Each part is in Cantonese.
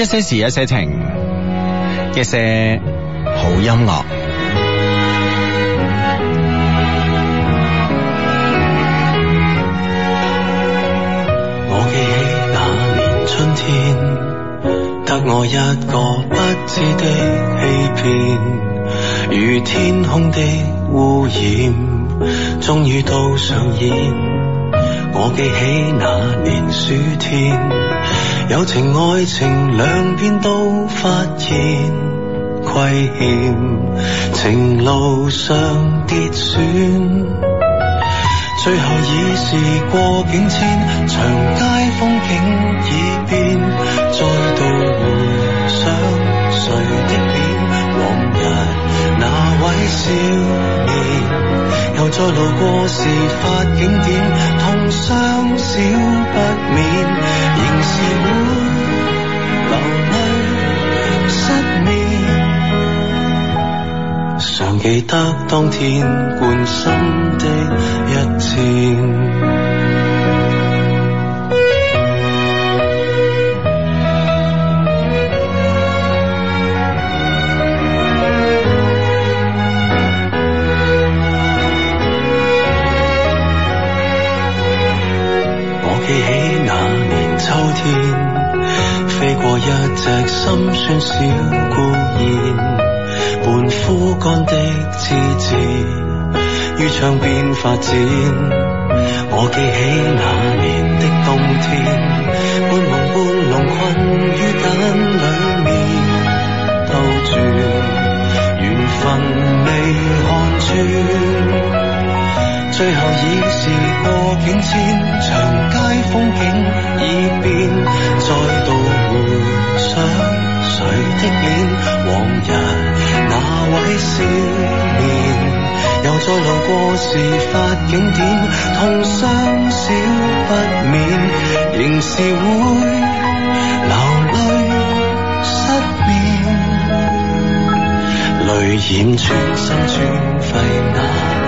一些事，一些情，一些好音樂。我記起那年春天，得我一個不知的欺騙，如天空的污染，終於都上演。我記起那年暑天。友情愛情兩邊都發現，虧欠，情路上跌損，最後已是過境遷，長街風景已變，再度回想誰的臉，往日那位笑。再路過時發景點，痛傷少不免，仍是會流淚失眠。常記得當天貫心的一箭。秋天，飛過一隻心酸小孤燕，半枯乾的枝枝於窗邊發展。我記起那年的冬天，半夢半朧困於繭裏面兜轉，緣分未看穿。最後已是過境遷，長街風景已變，再度回想誰的臉，往日那位少年，又再路過事發景點，痛傷少不免，仍是會流淚失眠，淚染全身穿心穿肺眼。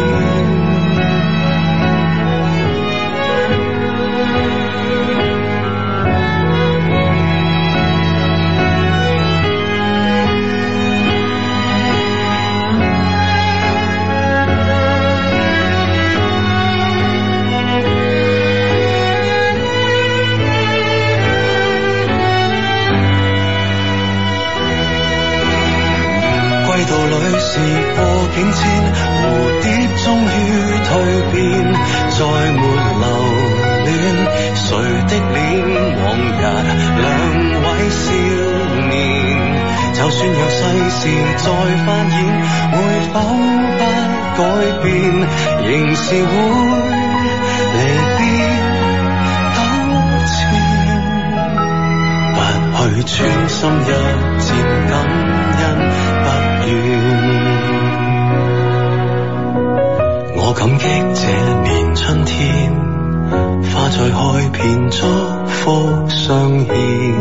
世事再翻演，會否不改變？仍是會離別糾纏。不去穿心一箭，感恩不怨。我感激這年春天，花再開遍，祝福相獻。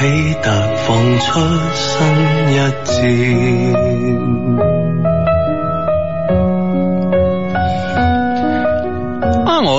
喜得放出新一招。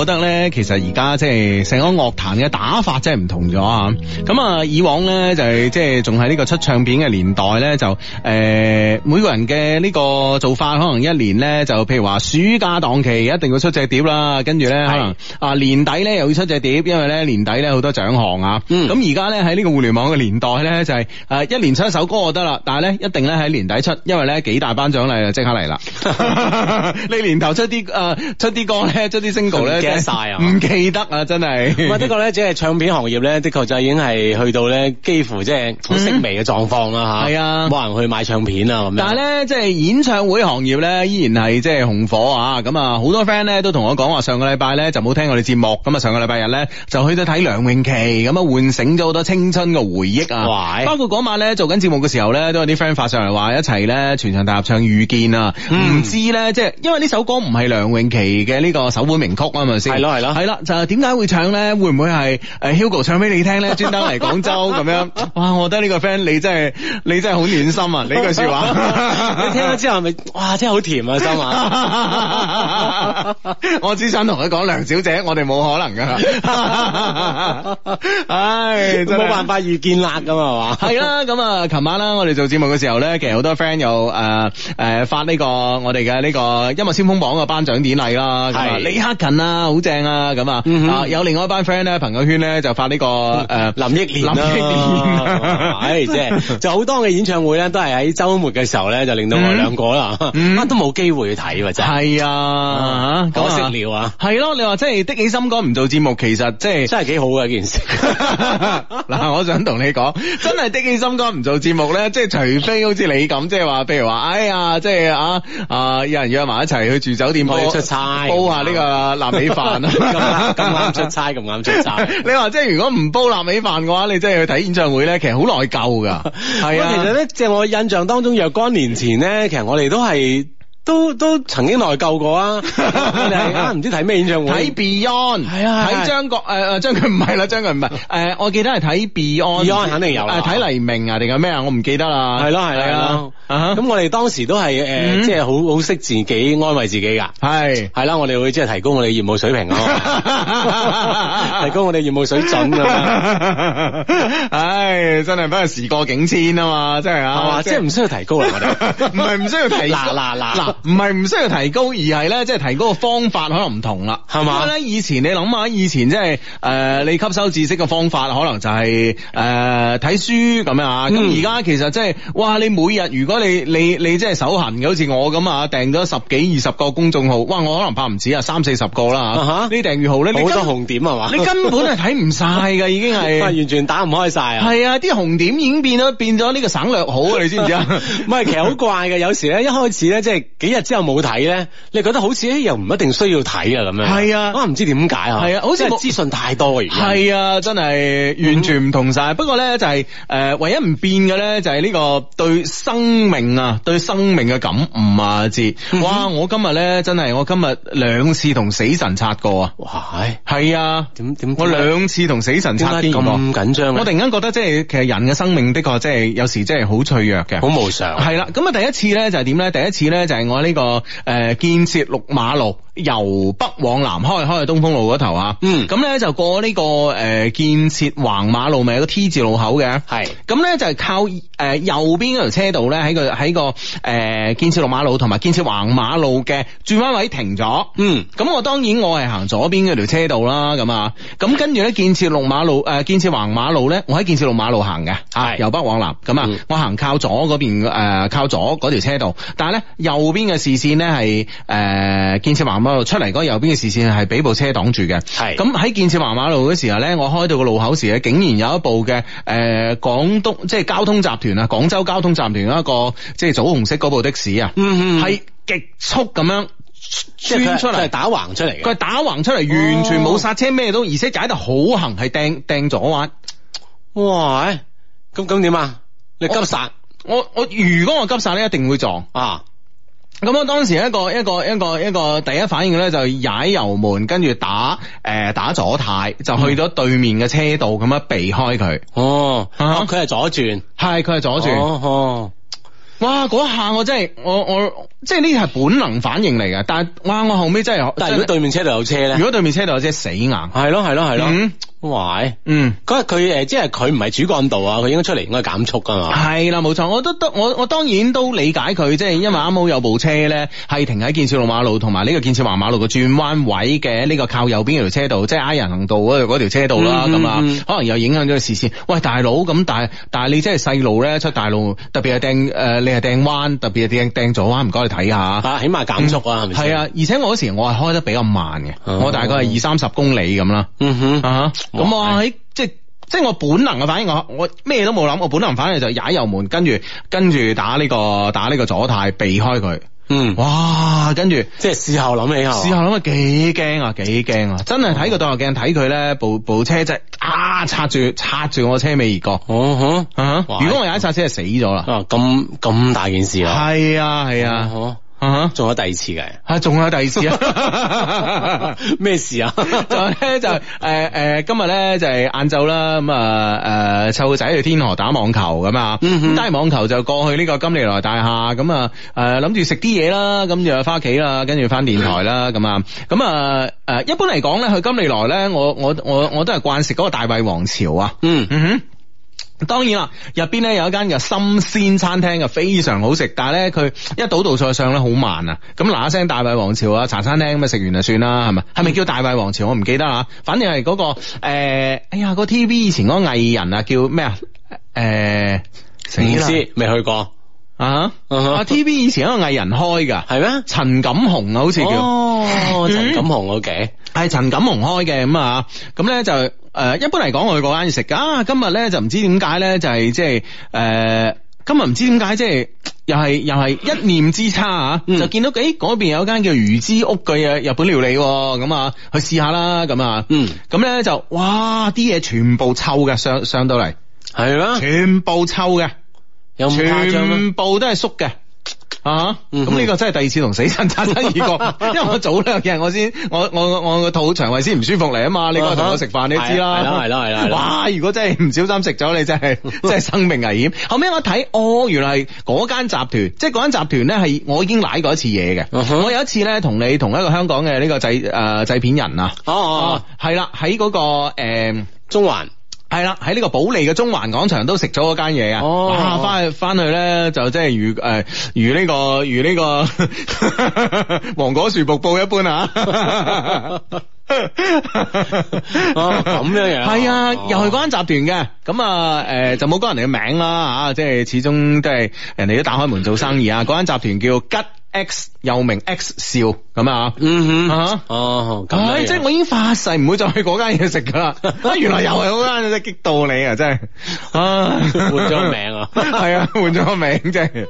覺得咧，其實而家即係成個樂壇嘅打法真係唔同咗啊！咁啊，以往咧就係即係仲係呢個出唱片嘅年代咧，就誒、呃、每個人嘅呢個做法，可能一年咧就譬如話暑假檔期一定要出隻碟啦，跟住咧可能啊年底咧又要出隻碟，因為咧年底咧好多獎項啊。咁而家咧喺呢個互聯網嘅年代咧，就係誒一年出一首歌就得啦，但係咧一定咧喺年底出，因為咧幾大頒獎禮就即刻嚟啦。 你年頭出啲誒出啲歌咧，出啲 single 咧。得曬啊！唔 記得啊，真係哇！ 不的呢個咧，只係唱片行業咧，的確就已經係去到咧，幾乎即係好式微嘅狀況啦嚇。係啊、嗯，冇人去買唱片啊咁。但係呢咧，即係演唱會行業咧，依然係即係紅火啊！咁、嗯、啊，好多 friend 咧都同我講話，上個禮拜咧就冇聽我哋節目咁啊、嗯，上個禮拜日咧就去咗睇梁詠琪，咁、嗯、啊，喚醒咗好多青春嘅回憶啊！喂包括嗰晚咧做緊節目嘅時候咧，都有啲 friend 發上嚟話一齊咧全場大合唱《遇見》啊！唔、嗯嗯、知咧，即係因為呢首歌唔係梁詠琪嘅呢個首本名曲啊嘛。係咯，係咯，係啦，就係點解會唱咧？會唔會係誒 Hugo 唱俾你聽咧？專登嚟廣州咁 樣，哇！我覺得呢個 friend 你真係你真係好暖心啊！呢句說話， 你聽咗之後係咪哇？真係好甜啊心啊！ 我只想同佢講，梁小姐，我哋冇可能噶。唉 、哎，冇辦法遇見辣咁啊嘛！係 啦， 咁啊，琴晚啦，我哋做節目嘅時候咧，其實好多 friend 又誒誒發呢、這個我哋嘅呢個音樂先鋒榜嘅頒獎典禮啦。係的李克勤啊！好正啊！咁啊，有另外一班 friend 咧，朋友圈咧就發呢個誒林憶蓮林憶蓮，誒，即係就好多嘅演唱會咧，都係喺周末嘅時候咧，就令到我哋兩個啦，乜都冇機會去睇真係啊！講食料啊，係咯？你話即係的起心肝唔做節目，其實即係真係幾好嘅件事。嗱，我想同你講，真係的起心肝唔做節目咧，即係除非好似你咁，即係話，譬如話，哎呀，即係啊啊，有人約埋一齊去住酒店，去出差煲下呢個南美飯咁啱出差，咁啱出差。 你話即係如果唔煲臘味飯嘅話，你真係去睇演唱會咧，其實好內疚噶。係 是啊，其實咧，即係我印象當中若干年前咧，其實我哋都係。都都曾經內疚過啊！唔知睇咩演唱會？睇 Beyond 係啊，睇張國誒誒張佢唔係啦，張佢唔係誒，我記得係睇 Beyond 肯定有啦。睇黎明啊，定係咩啊？我唔記得啦。係咯，係啊，咁我哋當時都係誒，即係好好識自己，安慰自己噶。係係啦，我哋會即係提高我哋業務水平咯，提高我哋業務水準噶嘛。唉，真係不過時過境遷啊嘛，真係啊，即係唔需要提高啦，我哋唔係唔需要提嗱嗱嗱嗱。唔係唔需要提高，而係咧，即係提高個方法可能唔同啦，係嘛吧？咧，以前你諗下，以前即係誒，你吸收知識嘅方法可能就係誒睇書咁樣啊。咁而家其實即係哇，你每日如果你你你即係手痕嘅，好似我咁啊，訂咗十幾二十個公眾號，哇，我可能拍唔止啊，三四十個啦吓。呢、啊、哈訂閱號咧，好多紅點係嘛？你根本係睇唔晒嘅，已經係 完全打唔開晒。係啊，啲紅點已經變咗變咗呢個省略號啊，你知唔知啊？唔係， 其實好怪嘅，有時咧一開始咧即係。幾日之後冇睇咧，你覺得好似又唔一定需要睇啊咁樣。係啊，哇唔知點解啊。係啊，好似資訊太多而、啊、家。係啊，真係完全唔同晒。嗯、不過咧就係、是、誒、呃，唯一唔變嘅咧就係呢個對生命啊，對生命嘅感悟啊知、嗯、哼哇，我今日咧真係我今日兩次同死神擦過啊。哇，係、哎、啊，點點我兩次同死神擦過咁緊張。我突然間覺得即、就、係、是、其實人嘅生命的確即係有時即係好脆弱嘅，好無常。係啦、啊，咁啊第一次咧就係點咧？第一次咧就係。我呢、這個誒、呃、建設六馬路由北往南開，開，開去東風路嗰頭啊。嗯，咁咧就過呢、這個誒、呃、建設橫馬路，咪、就、有、是、個 T 字路口嘅。係是，咁咧就係、是、靠誒、呃、右邊嗰條車道咧，喺個喺個誒建設六馬路同埋建設橫馬路嘅轉彎位停咗。嗯，咁我當然我係行左邊嗰條車道啦。咁啊，咁跟住咧建設六馬路誒、呃、建設橫馬路咧，我喺建設六馬路行嘅，係由北往南。咁啊，是嗯嗯、我行靠左嗰邊誒靠左嗰條車道，但係咧右邊。邊嘅視線呢？係、呃、誒建設橫馬路出嚟嗰右邊嘅視線係俾部車擋住嘅。係咁喺建設橫馬路嗰時候呢，我開到個路口時咧，竟然有一部嘅誒廣東即係交通集團啊，廣州交通集團嗰一個即係棗紅色嗰部的士啊，係極、嗯、速咁樣穿出嚟，打橫出嚟，佢係打橫出嚟，哦、完全冇剎車咩都，而且踩得好行，係掟掟咗彎！哇，咁咁點啊？你急剎，我我如果我急剎咧，一定會撞啊！咁啊，當時一個一個一個一個第一反應咧，就踩油門跟住打誒、呃，打左太，就去咗對面嘅車道咁樣避開佢。哦，佢係左轉，係佢係左轉。哦。哇！嗰下我真係我我即係呢啲係本能反應嚟嘅。但係哇！我後尾真係，但係如果對面車道有車咧，如果對面車道有隻、即係、死硬，係咯係咯係咯，喂，嗯，佢佢誒即係佢唔係主幹道啊，佢應該出嚟應該減速噶嘛，係啦冇錯，我都得我我當然都理解佢，即係因為啱好有部車咧係停喺建設路馬路同埋呢個建設橫馬路嘅轉彎位嘅呢、呢個靠右邊條車道，即係挨人行道嗰嗰條車道啦，咁啊，可能又影響咗個視線。喂大佬咁，但係但係你真係細路咧出大路，特別係掟誒。呃誒，掟彎特別係掟掟咗彎，唔該你睇下吓，起碼減速啊，係啊、嗯，係咪係，而且我嗰時我係開得比較慢嘅，oh、我大概係二三十公里咁啦，嗯哼，啊，咁我喺哇 即係即係我本能嘅反應我，我我咩都冇諗，我本能反應就踩油門，跟住跟住打呢、這個打呢個左軚避開佢。嗯，哇，跟住即係事後諗起，起，事後諗啊幾驚啊幾驚啊！啊嗯、真係睇個倒後鏡睇佢咧，部部車係、即係、啊擦住擦住我車尾而過，哦呵、嗯嗯啊、如果我有一剎車就死咗啦，咁咁、啊、大件事啦，係啊係啊。啊哈，仲有第二次嘅吓，仲、啊、有第二次啊！咩 事啊？ 就係、是、咧，就係誒誒，今日咧就係晏晝啦，咁啊誒湊仔去天河打網球咁啊，咁打完網球就過去呢個金利來大廈咁啊，誒諗住食啲嘢啦，咁、呃、就返屋企啦，跟住返電台啦，咁啊、嗯，咁啊誒，一般嚟講咧，去金利來咧，我我我我都係慣食嗰個大胃王朝啊，嗯嗯。嗯哼當然啦，入邊咧有一間嘅新鮮餐廳嘅非常好食，但係咧佢一倒道菜上咧好慢啊！咁嗱一聲大胃王朝啊茶餐廳咁啊食完就算啦，係咪、嗯？係咪叫大胃王朝？我唔記得啊，反正係嗰、那個誒、呃，哎呀個 T V 以前嗰個藝人啊叫咩、呃、啊？誒、uh，城師未去過啊？啊 T V 以前一個藝人開噶係咩？陳錦鴻啊，好似叫哦，陳錦鴻 ok 係陳錦鴻開嘅咁啊，咁咧就。誒、呃，一般嚟講我去嗰間嘢食噶，今日咧就唔知點解咧，就係即係誒，今日唔知點解，即、就、係、是、又係又係一念之差吓，嗯、就見到誒嗰邊有間叫魚之屋嘅日本料理，咁啊去試下啦，咁啊，啊啊嗯，咁咧就哇，啲嘢全部臭嘅，上上到嚟，係啦的，全部臭嘅，有咁誇張咩？全部都係餿嘅。啊，咁呢個真係第二次同死神擦身而過，因為我早咧兩日我先我我我個肚腸胃先唔舒服嚟啊嘛。你嗰日同我食飯，你知啦，係啦係啦係啦。哇，如果真係唔小心食咗，你真係真係生命危險。後尾我睇哦，原來嗰間集團即係嗰間集團咧係我已經瀨過一次嘢嘅。我有一次咧同你同一個香港嘅呢個製誒製片人啊，哦哦係啦，喺嗰個誒中環。係啦，喺呢個保利嘅中環廣場都食咗嗰間嘢啊！哦，翻去翻去咧就即係如誒、呃、如呢個如呢個 黃果樹瀑布一般啊！咁樣樣係啊，了啊又係嗰間集團嘅，咁啊誒就冇講人哋嘅名啦吓，即係始終即係人哋都打開門做生意啊！嗰間集團叫吉。X 又名 X 笑咁啊，嗯哼，啊、哦，咁、啊哎，即係我已經發誓唔會再去嗰間嘢食噶啦， 原來又係嗰間，真係激到你啊，真係， 啊，換咗名啊，係 啊，換咗名，即係。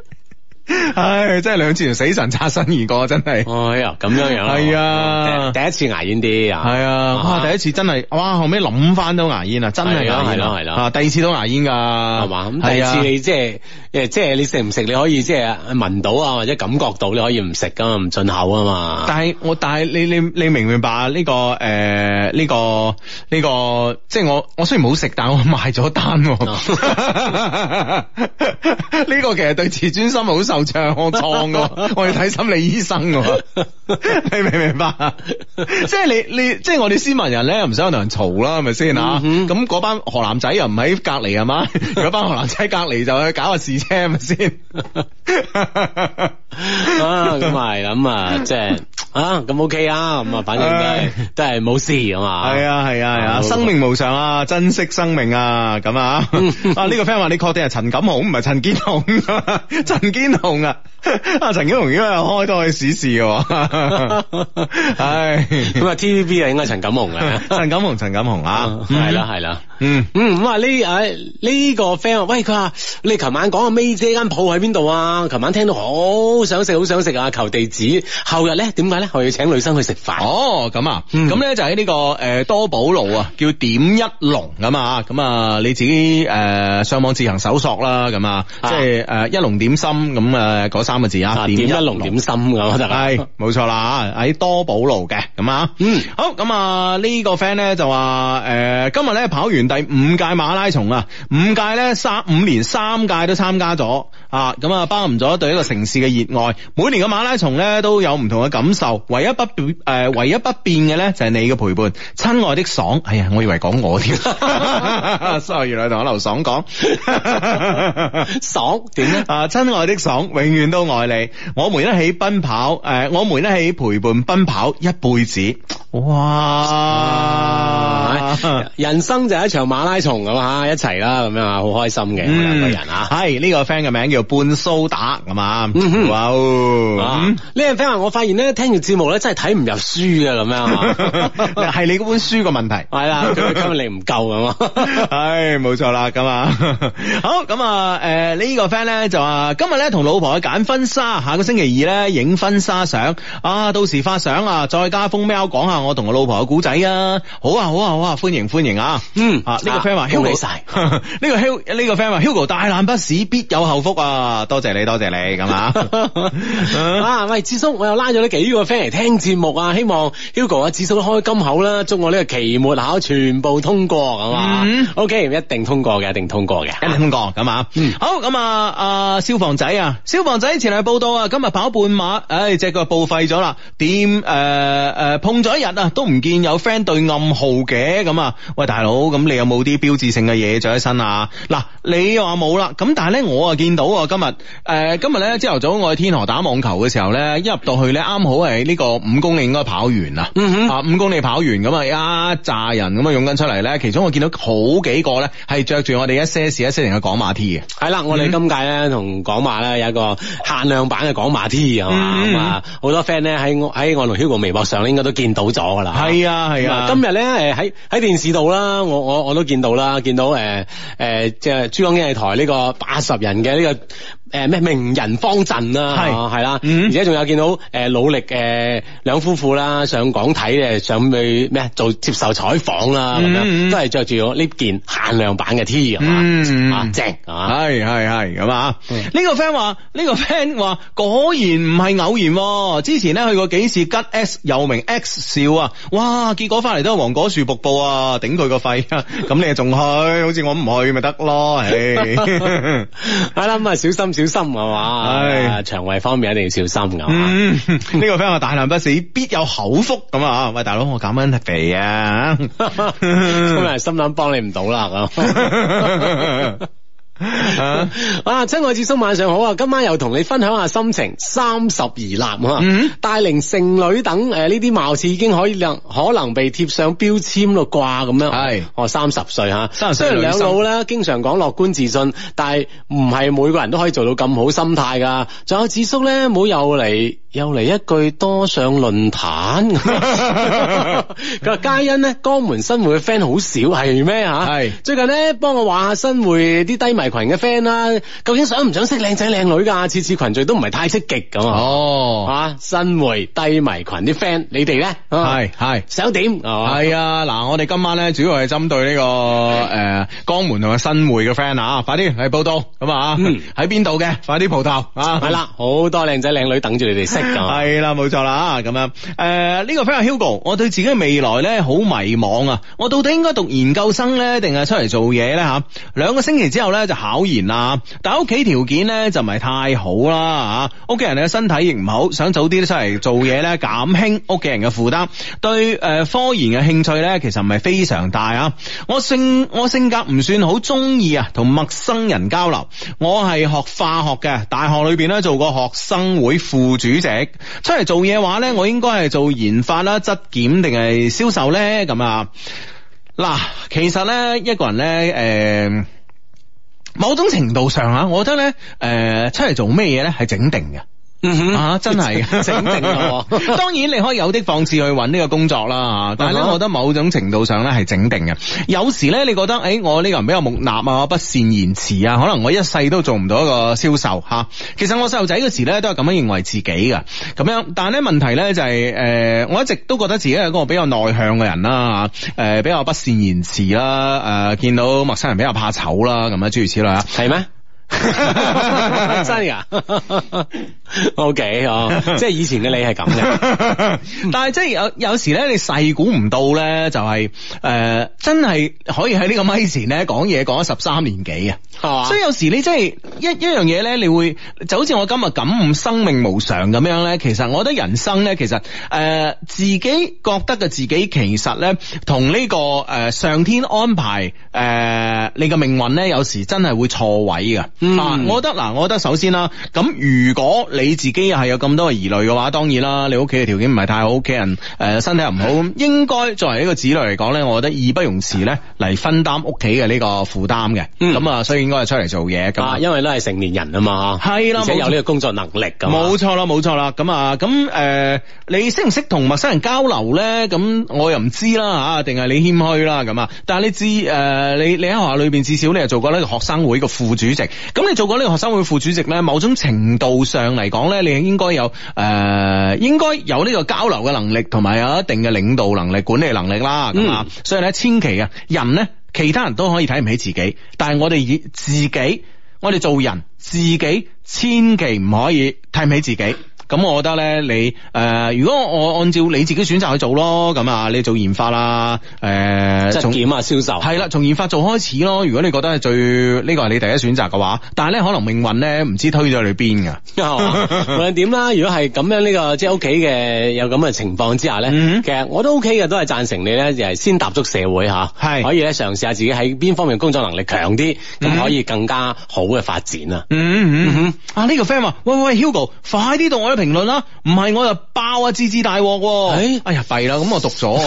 唉，真係兩次死神擦身而過，真係。哎呀、哦，咁樣樣。係啊、嗯，第一次牙煙啲啊。係啊，哇，哇，第一次真係，哇，後尾冧翻都牙煙啊，真係啊，係啦，係啦。啊，第二次都牙煙㗎，係嘛、啊？咁、啊、第二次你，啊、你即係，誒，即係你食唔食？你可以即係聞到啊，或者感覺到，你可以唔食噶，唔進口啊嘛。但係我，但係你你你明唔明白呢、這個？誒、呃，呢、這個呢、這個這個這個，即係我我雖然唔好食，但係我買咗單。呢個其實對自尊心好受。唱我創我，我要睇心理醫生。你明唔明白？即係你你，即係我哋斯文人咧，又唔想同人嘈啦，係咪先啊？咁嗰班河南仔又唔喺隔籬係嘛？如果班河南仔隔籬就去搞個事啫，係咪先？咁係咁啊，即係啊，咁 OK 啊，咁啊，反正都係都係冇事咁啊。係啊係啊係啊，生命無常啊，珍惜生命啊，咁啊。啊，呢個 friend 話你確定係陳錦鴻唔係陳建鴻？陳建鴻。紅噶阿陳錦鴻應該係開多去試試嘅，唉咁啊！T V B 啊，應該係陳錦鴻嘅陳錦鴻，陳錦鴻啊，係啦係啦，嗯嗯咁啊呢誒呢個 friend 喂佢話你琴晚講阿 May 姐間鋪喺邊度啊？琴晚聽到好想食，好想食啊！求地址後日咧點解咧？我要請女生去食飯哦咁啊咁咧、嗯嗯、就喺呢、這個誒、呃、多寶路啊，叫點一龍咁啊咁啊你自己誒、呃、上網自行搜索啦咁啊，即係誒一龍點心咁。咁啊，嗰三個字啊，點一龍點心咁得噶，係冇錯啦，喺多寶路嘅咁啊，嗯，好咁啊，個呢個 friend 咧就話，誒、呃，今日咧跑完第五屆馬拉松屆呢屆啊，五屆咧三五年三屆都參加咗啊，咁啊包含咗對一個城市嘅熱愛，每年嘅馬拉松咧都有唔同嘅感受，唯一不變誒、呃，唯一不變嘅咧就係、是、你嘅陪伴，親愛的爽，哎呀，我以為講我添，sorry，原來同阿劉爽講 笑爽，爽點咧啊，親愛的爽。爽爽爽爽爽永遠都愛你，我們一起奔跑，誒、呃，我們一起陪伴奔跑一輩子，哇！啊、人生就係一場馬拉松咁吓，一齊啦，咁樣啊，好開心嘅兩、嗯、個人、這個 ada，嗯嗯、啊。係、這、呢個 friend 嘅名叫半蘇打，咁啊，哇！呢個 friend 話，我發現呢，聽住節目咧真係睇唔入書嘅咁樣，係 你嗰本書個問題，係啦，今日你唔夠咁啊，係冇錯啦咁啊，好咁啊，誒呢個 friend 咧就話今日咧同老婆去揀婚紗，下個星期二咧影婚紗相啊！到時發相啊，再加封 mail 講下我同我老婆嘅故仔啊！好啊好啊好啊，歡迎歡迎啊！嗯，呢個 friend 話 Hugo 晒，呢個呢個 friend 話 Hugo 大難不死必有後福啊！多謝你，多謝你咁啊！啊，喂，智叔我又拉咗呢幾個 friend 嚟聽節目啊！希望 Hugo 啊，智叔開金口啦，祝我呢個期末考全部通過咁啊！OK，一定通過嘅，一定通過嘅，一定通過咁啊！好咁啊，阿消防仔啊！消防仔前嚟報道啊，今日跑半馬，唉、哎，隻腳報廢咗啦。點誒誒、呃、碰咗一日啊，都唔見有 friend 對暗號嘅咁啊。喂，大佬，咁你有冇啲標誌性嘅嘢着喺身啊？嗱，你話冇啦。咁但係咧，我啊見到啊，今日誒、呃，今日咧朝頭早我喺天河打網球嘅時候咧，一入到去咧，啱好係呢、這個五公里應該跑完啦。嗯、哼啊五公里跑完咁啊一紮人咁啊湧緊出嚟咧，其中我見到好幾個咧係着住我哋一些事一些情嘅港馬 T 嘅、嗯。係啦，我哋今屆咧同港馬咧有一個限量版嘅港馬 T 啊嘛、嗯，咁啊好多 friend 咧喺我喺我同 Hugo 微博上咧，應該都見到咗噶啦。係啊係啊，啊今日咧誒喺喺電視度啦，我我我都見到啦，見到誒誒即係珠江經濟台呢個八十人嘅呢、呢個。誒咩 名人方陣啊，係啊係啦，而家仲有見到誒、呃、努力誒兩、呃、夫婦啦上港睇誒上去咩做接受採訪啦咁、嗯、樣，都係着住呢件限量版嘅 T i,、嗯、啊，啊正係係係啊，係係係咁啊，呢 個 friend 話呢、呢個 friend 話果然唔係偶然、啊，之前咧去過幾次吉 S 有名 X 少啊，哇，結果翻嚟都係黃果樹瀑布啊，頂佢個肺啊，啊咁你仲去，好似我唔去咪得咯，係啦咁小心。小心啊嘛，唉，啊，腸胃方面一定要小心啊嘛。呢、嗯這個 friend 話大難不死， 必有口福咁啊。喂，大佬我減緊肥啊， 今日心諗幫你唔到啦咁.。 啊！啊，親愛子叔晚上好啊，今晚又同你分享下心情，三十而立、啊，大、嗯、齡剩女等誒呢啲貌似已經可以量可能被貼上標籤咯挂咁樣，係我是、哦啊、三十歲吓、啊，三十歲雖然兩老咧經常講樂觀自信，但係唔係每個人都可以做到咁好心態噶、啊，仲有子叔咧，冇又嚟。又嚟一句多上論壇，佢話嘉欣咧江門新會嘅 friend 好少係咩吓？係最近咧幫我話下新會啲低迷群嘅 friend 啦，究竟想唔想識靚仔靚女噶？次次群聚都唔係太積極咁哦，吓新會低迷群啲 friend，你哋咧係係想點？係啊嗱，我哋今晚咧主要係針對呢個誒江門同埋新會嘅 friend 啊，快啲嚟報到咁啊，喺邊度嘅？快啲蒲頭啊，係啦，好多靚仔靚女等住你哋。係啦，冇錯啦，咁樣誒，呢、呃呢個 friend Hugo，我對自己嘅未來咧好迷茫啊！我到底應該讀研究生咧，定係出嚟做嘢咧？吓，兩個星期之後咧就考研啦，但屋企條件咧就唔係太好啦，吓，屋企人嘅身體亦唔好，想早啲出嚟做嘢咧，減輕屋企人嘅負擔。對誒、呃，科研嘅興趣咧，其實唔係非常大啊！我性我性格唔算好中意啊，同陌生人交流。我係學化學嘅，大學裏邊咧做過學生會副主席。出嚟做嘢話咧，我應該係做研發啦、質檢定係銷售咧咁啊。嗱，其實咧一個人咧，誒、呃，某種程度上啊，我覺得咧，誒、呃，出嚟做咩嘢咧係整定嘅。.嗯、啊，真係 整定咯。當然你可以有的放矢去揾呢個工作啦，但係咧，我覺得某種程度上咧係整定嘅。有時咧，你覺得，誒、欸，我呢個人比較木訥啊，我不善言辭啊，可能我一世都做唔到一個銷售吓、啊。其實我細路仔嗰時咧都係咁樣認為自己噶，咁樣。但係咧，問題咧就係、是，誒、呃，我一直都覺得自己係一個比較內向嘅人啦，誒、呃，比較不善言辭啦，誒、呃，見到陌生人比較怕醜啦，咁樣，諸如此類啊。係咩？ 真噶，O K 哦， okay, oh, 即係以前嘅你係咁嘅，但係即係有有時咧、就是，你細估唔到咧，就係誒真係可以喺呢個咪前咧講嘢講咗十三年幾啊， 所以有時你真係一一樣嘢咧，你會就好似我今日感悟生命無常咁樣咧。其實我覺得人生咧，其實誒、呃、自己覺得嘅自己，其實咧同呢、這個誒、呃、上天安排誒、呃、你嘅命運咧，有時真係會錯位噶。嗱、嗯啊，我覺得嗱，我覺得首先啦，咁、啊、如果你自己又係有咁多嘅疑慮嘅話，當然啦，你屋企嘅條件唔係太好，屋企人誒身體又唔好，咁 應該作為一個子女嚟講咧，我覺得義不容辭咧嚟分擔屋企嘅呢個負擔嘅。咁、嗯、啊，所以應該係出嚟做嘢咁啊，啊，因為咧係成年人啊嘛，係啦的，而且有呢個工作能力咁。冇錯啦，冇錯啦，咁啊，咁、啊、誒、啊啊，你識唔識同陌生人交流咧？咁、啊、我又唔知啦吓，定、啊、係你謙虛啦咁啊？但係你知誒、啊，你你喺學校裏邊至少你係做過呢個學生會嘅副主席。咁你做過呢個學生會副主席呢，某種程度上嚟講呢，你應該有誒、呃，應該有呢個交流嘅能力，同埋有一定嘅領導能力、管理能力啦。咁啊，所以呢，千祈啊，人呢，其他人都可以睇唔起自己，但係我哋以自己，我哋做人，自己千祈唔可以睇唔起自己。咁我覺得咧，你、呃、誒，如果我按照你自己選擇去做咯，咁啊，你做研發啦，即、呃、誒，從質檢啊，銷售。係啦，從研發做開始咯。如果你覺得係最呢、呢個係你第一選擇嘅話，但係咧可能命運咧唔知推咗你邊㗎、 哦。無論點啦，如果係咁樣呢、呢個即係屋企嘅有咁嘅情況之下咧，嗯、哼其實我都 OK 嘅，都係贊成你咧，就係先踏足社會嚇，係是可以咧嘗試下自己喺邊方面工作能力強啲，咁可以更加好嘅發展、嗯哼嗯、啊。啊、呢、呢個 friend 話：喂喂，喂，Hugo，快啲到我。評論啦，唔係我就爆啊！字字大鑊喎，哎，哎呀，弊啦，咁我讀咗，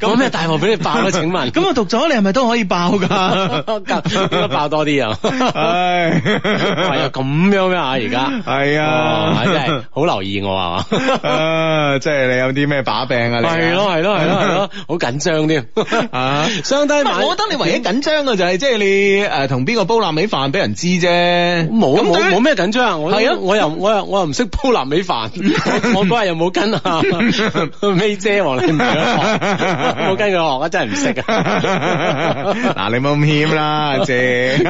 咁咩大鑊俾你爆咧？請問，咁我讀咗，你係咪都可以爆噶？點解爆多啲啊？哎，係啊，咁樣啊？而家係啊，真係好留意我啊嘛，即係你有啲咩把柄啊？係咯，係咯，係咯，係咯，好緊張添啊！雙我覺得你唯一緊張嘅就係即係你誒同邊個煲臘味飯俾人知啫，冇冇咩緊張，我係啊，我又我又我。唔識煲臘味飯，我嗰日又冇跟阿妹姐我嚟，冇跟佢學，真係唔識啊！嗱，你冇咁謙啦，姐，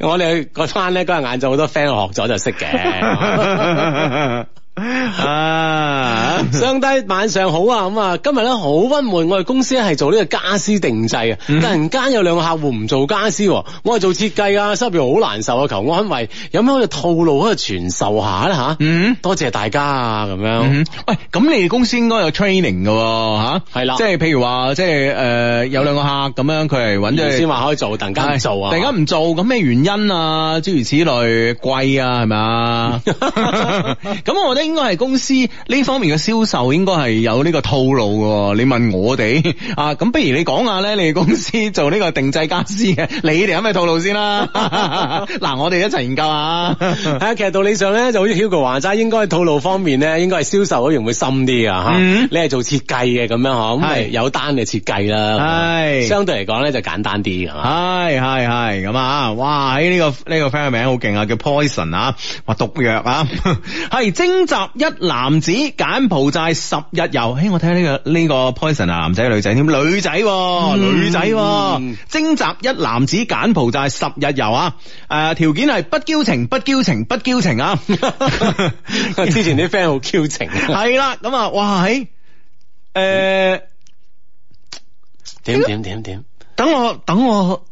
我哋嗰餐咧，嗰日晏晝好多 friend 學咗就識嘅。啊，uh、上帝晚上好、mm hmm. 啊，咁啊、mm，今日咧好溫暖，我哋公司係做呢個家私定製啊。突然間有兩個客戶唔做家私，我係做設計啊，心入邊好難受啊，求安慰，有咩可以套路可以傳授下咧吓？多謝大家啊，咁樣，mm hmm. 喂，咁你哋公司應該有 training 嘅吓？係、啊、啦的，即係譬如話，即係誒，有兩個客咁樣，佢係搵咗先話可以做，突然間做啊，突然間唔做，咁咩原因啊？諸如此類，貴啊，係咪啊？咁我咧。應該係公司呢方面嘅銷售應該係有呢個套路㗎，你問我哋 啊，咁不如你講下咧，你哋公司做呢個定製家私嘅，你哋有咩套路先、啊、 啦？嗱，我哋一齊研究啊！喺 其實道理上咧，就好似 Hugo 話齋，應該套路方面咧，應該係銷售嗰樣會深啲啊！吓、嗯，你係做設計嘅咁樣嗬，咁係是有單嘅設計啦，係是是相對嚟講咧就簡單啲，係係係咁啊！哇，喺呢個呢、這個 friend 嘅、這個、名好勁啊，叫 Poison 啊，話毒藥啊，係 精。徵集一男子柬埔寨十日遊，嘿、欸，我睇下呢個呢、這個 poison 啊，男仔女仔點？女仔，女仔、啊，徵集、啊嗯、一男子柬埔寨十日遊啊！誒、呃，條件係不矯情，不矯情，不矯情啊！ 之前啲 friend 好矯情， 係啦，咁啊，哇，喺、欸、誒、嗯呃、點點點點的，等我等我。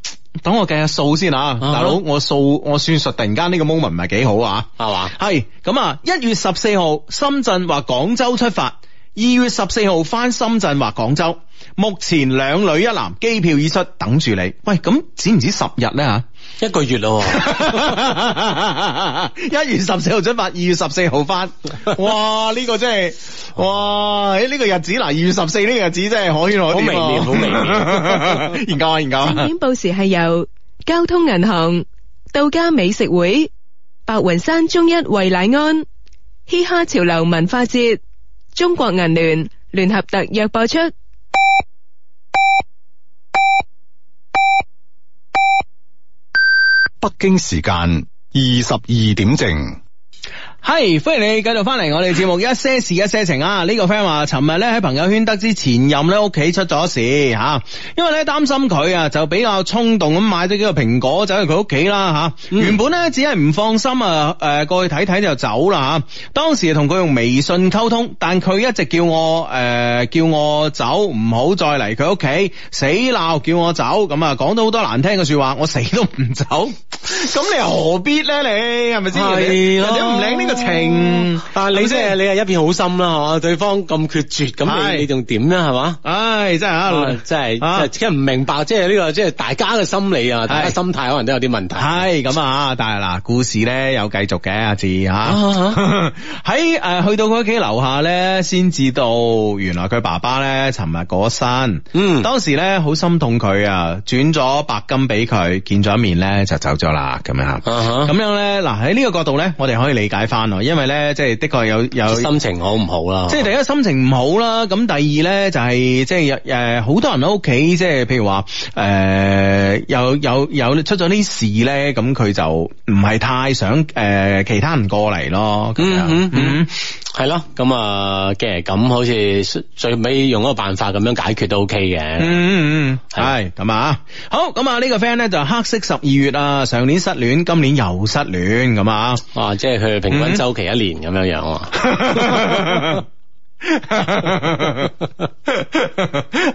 等我計下數先啊，大佬，我數我算術突然間呢個 moment 唔係幾好啊，係嘛？係咁啊，一月十四號深圳或廣州出發，二月十四號翻深圳或廣州，目前兩女一男機票已出，等住你。喂，咁止唔止十日咧吓？一個月咯，一月十四號出發，二月十四號翻。哇，呢個真係，哇喺呢個日子嗱，二月十四呢個日子真係可圈可點。好微妙，好微妙。研究下，研究下。點報時係由交通銀行、道家美食會、白雲山中一惠乃安、嘻哈潮流文化節、中國銀聯聯合特約播出。北京時間二十二點正。係歡迎你繼續翻嚟我哋節目一些事一些情啊！呢個 friend 話，尋日咧喺朋友圈得知前任咧屋企出咗事吓，因為咧擔心佢啊，就比較衝動咁買咗幾個蘋果走去佢屋企啦吓。原本咧只係唔放心啊，誒過去睇睇就走啦吓。當時同佢用微信溝通，但佢一直叫我誒、呃、叫我走，唔好再嚟佢屋企，死鬧叫我走，咁啊講到好多難聽嘅說話，我死都唔走。咁 你何必咧？你係咪知？你。唔理的情，但係你即係你係一片好心啦，嗬，對方咁決絕，咁你仲點呢？係嘛？唉，真係啊，真係，即係唔明白，即係呢個，即係大家嘅心理啊，大家心態可能都有啲問題。係咁啊，但係嗱，故事咧有繼續嘅阿志吓，喺誒去到佢屋企樓下咧，先知道原來佢爸爸咧尋日過身。嗯，當時咧好心痛佢啊，轉咗白金俾佢，見咗面咧就走咗啦，咁樣，嗯咁樣咧嗱喺呢個角度咧，我哋可以理解翻。因為咧，即係的確有有心情好唔好啦、就是。即係第一心情唔好啦，咁第二咧就係即係有誒，好多人喺屋企，即係譬如話誒、呃，有有有出咗啲事咧，咁佢就唔係太想誒、呃、其他人過嚟咯。咁樣。嗯，嗯，嗯。嗯係咯，咁啊，嘅， 咁好似最尾用一個辦法咁樣解決都 OK 嘅。嗯嗯嗯，係、嗯，咁啊， 好，咁、這、啊、個，呢個 friend 咧就是、黑色十二月啊，上年失戀，今年又失戀，咁啊，哇，即係佢平均周期一年咁、嗯、這樣樣啊。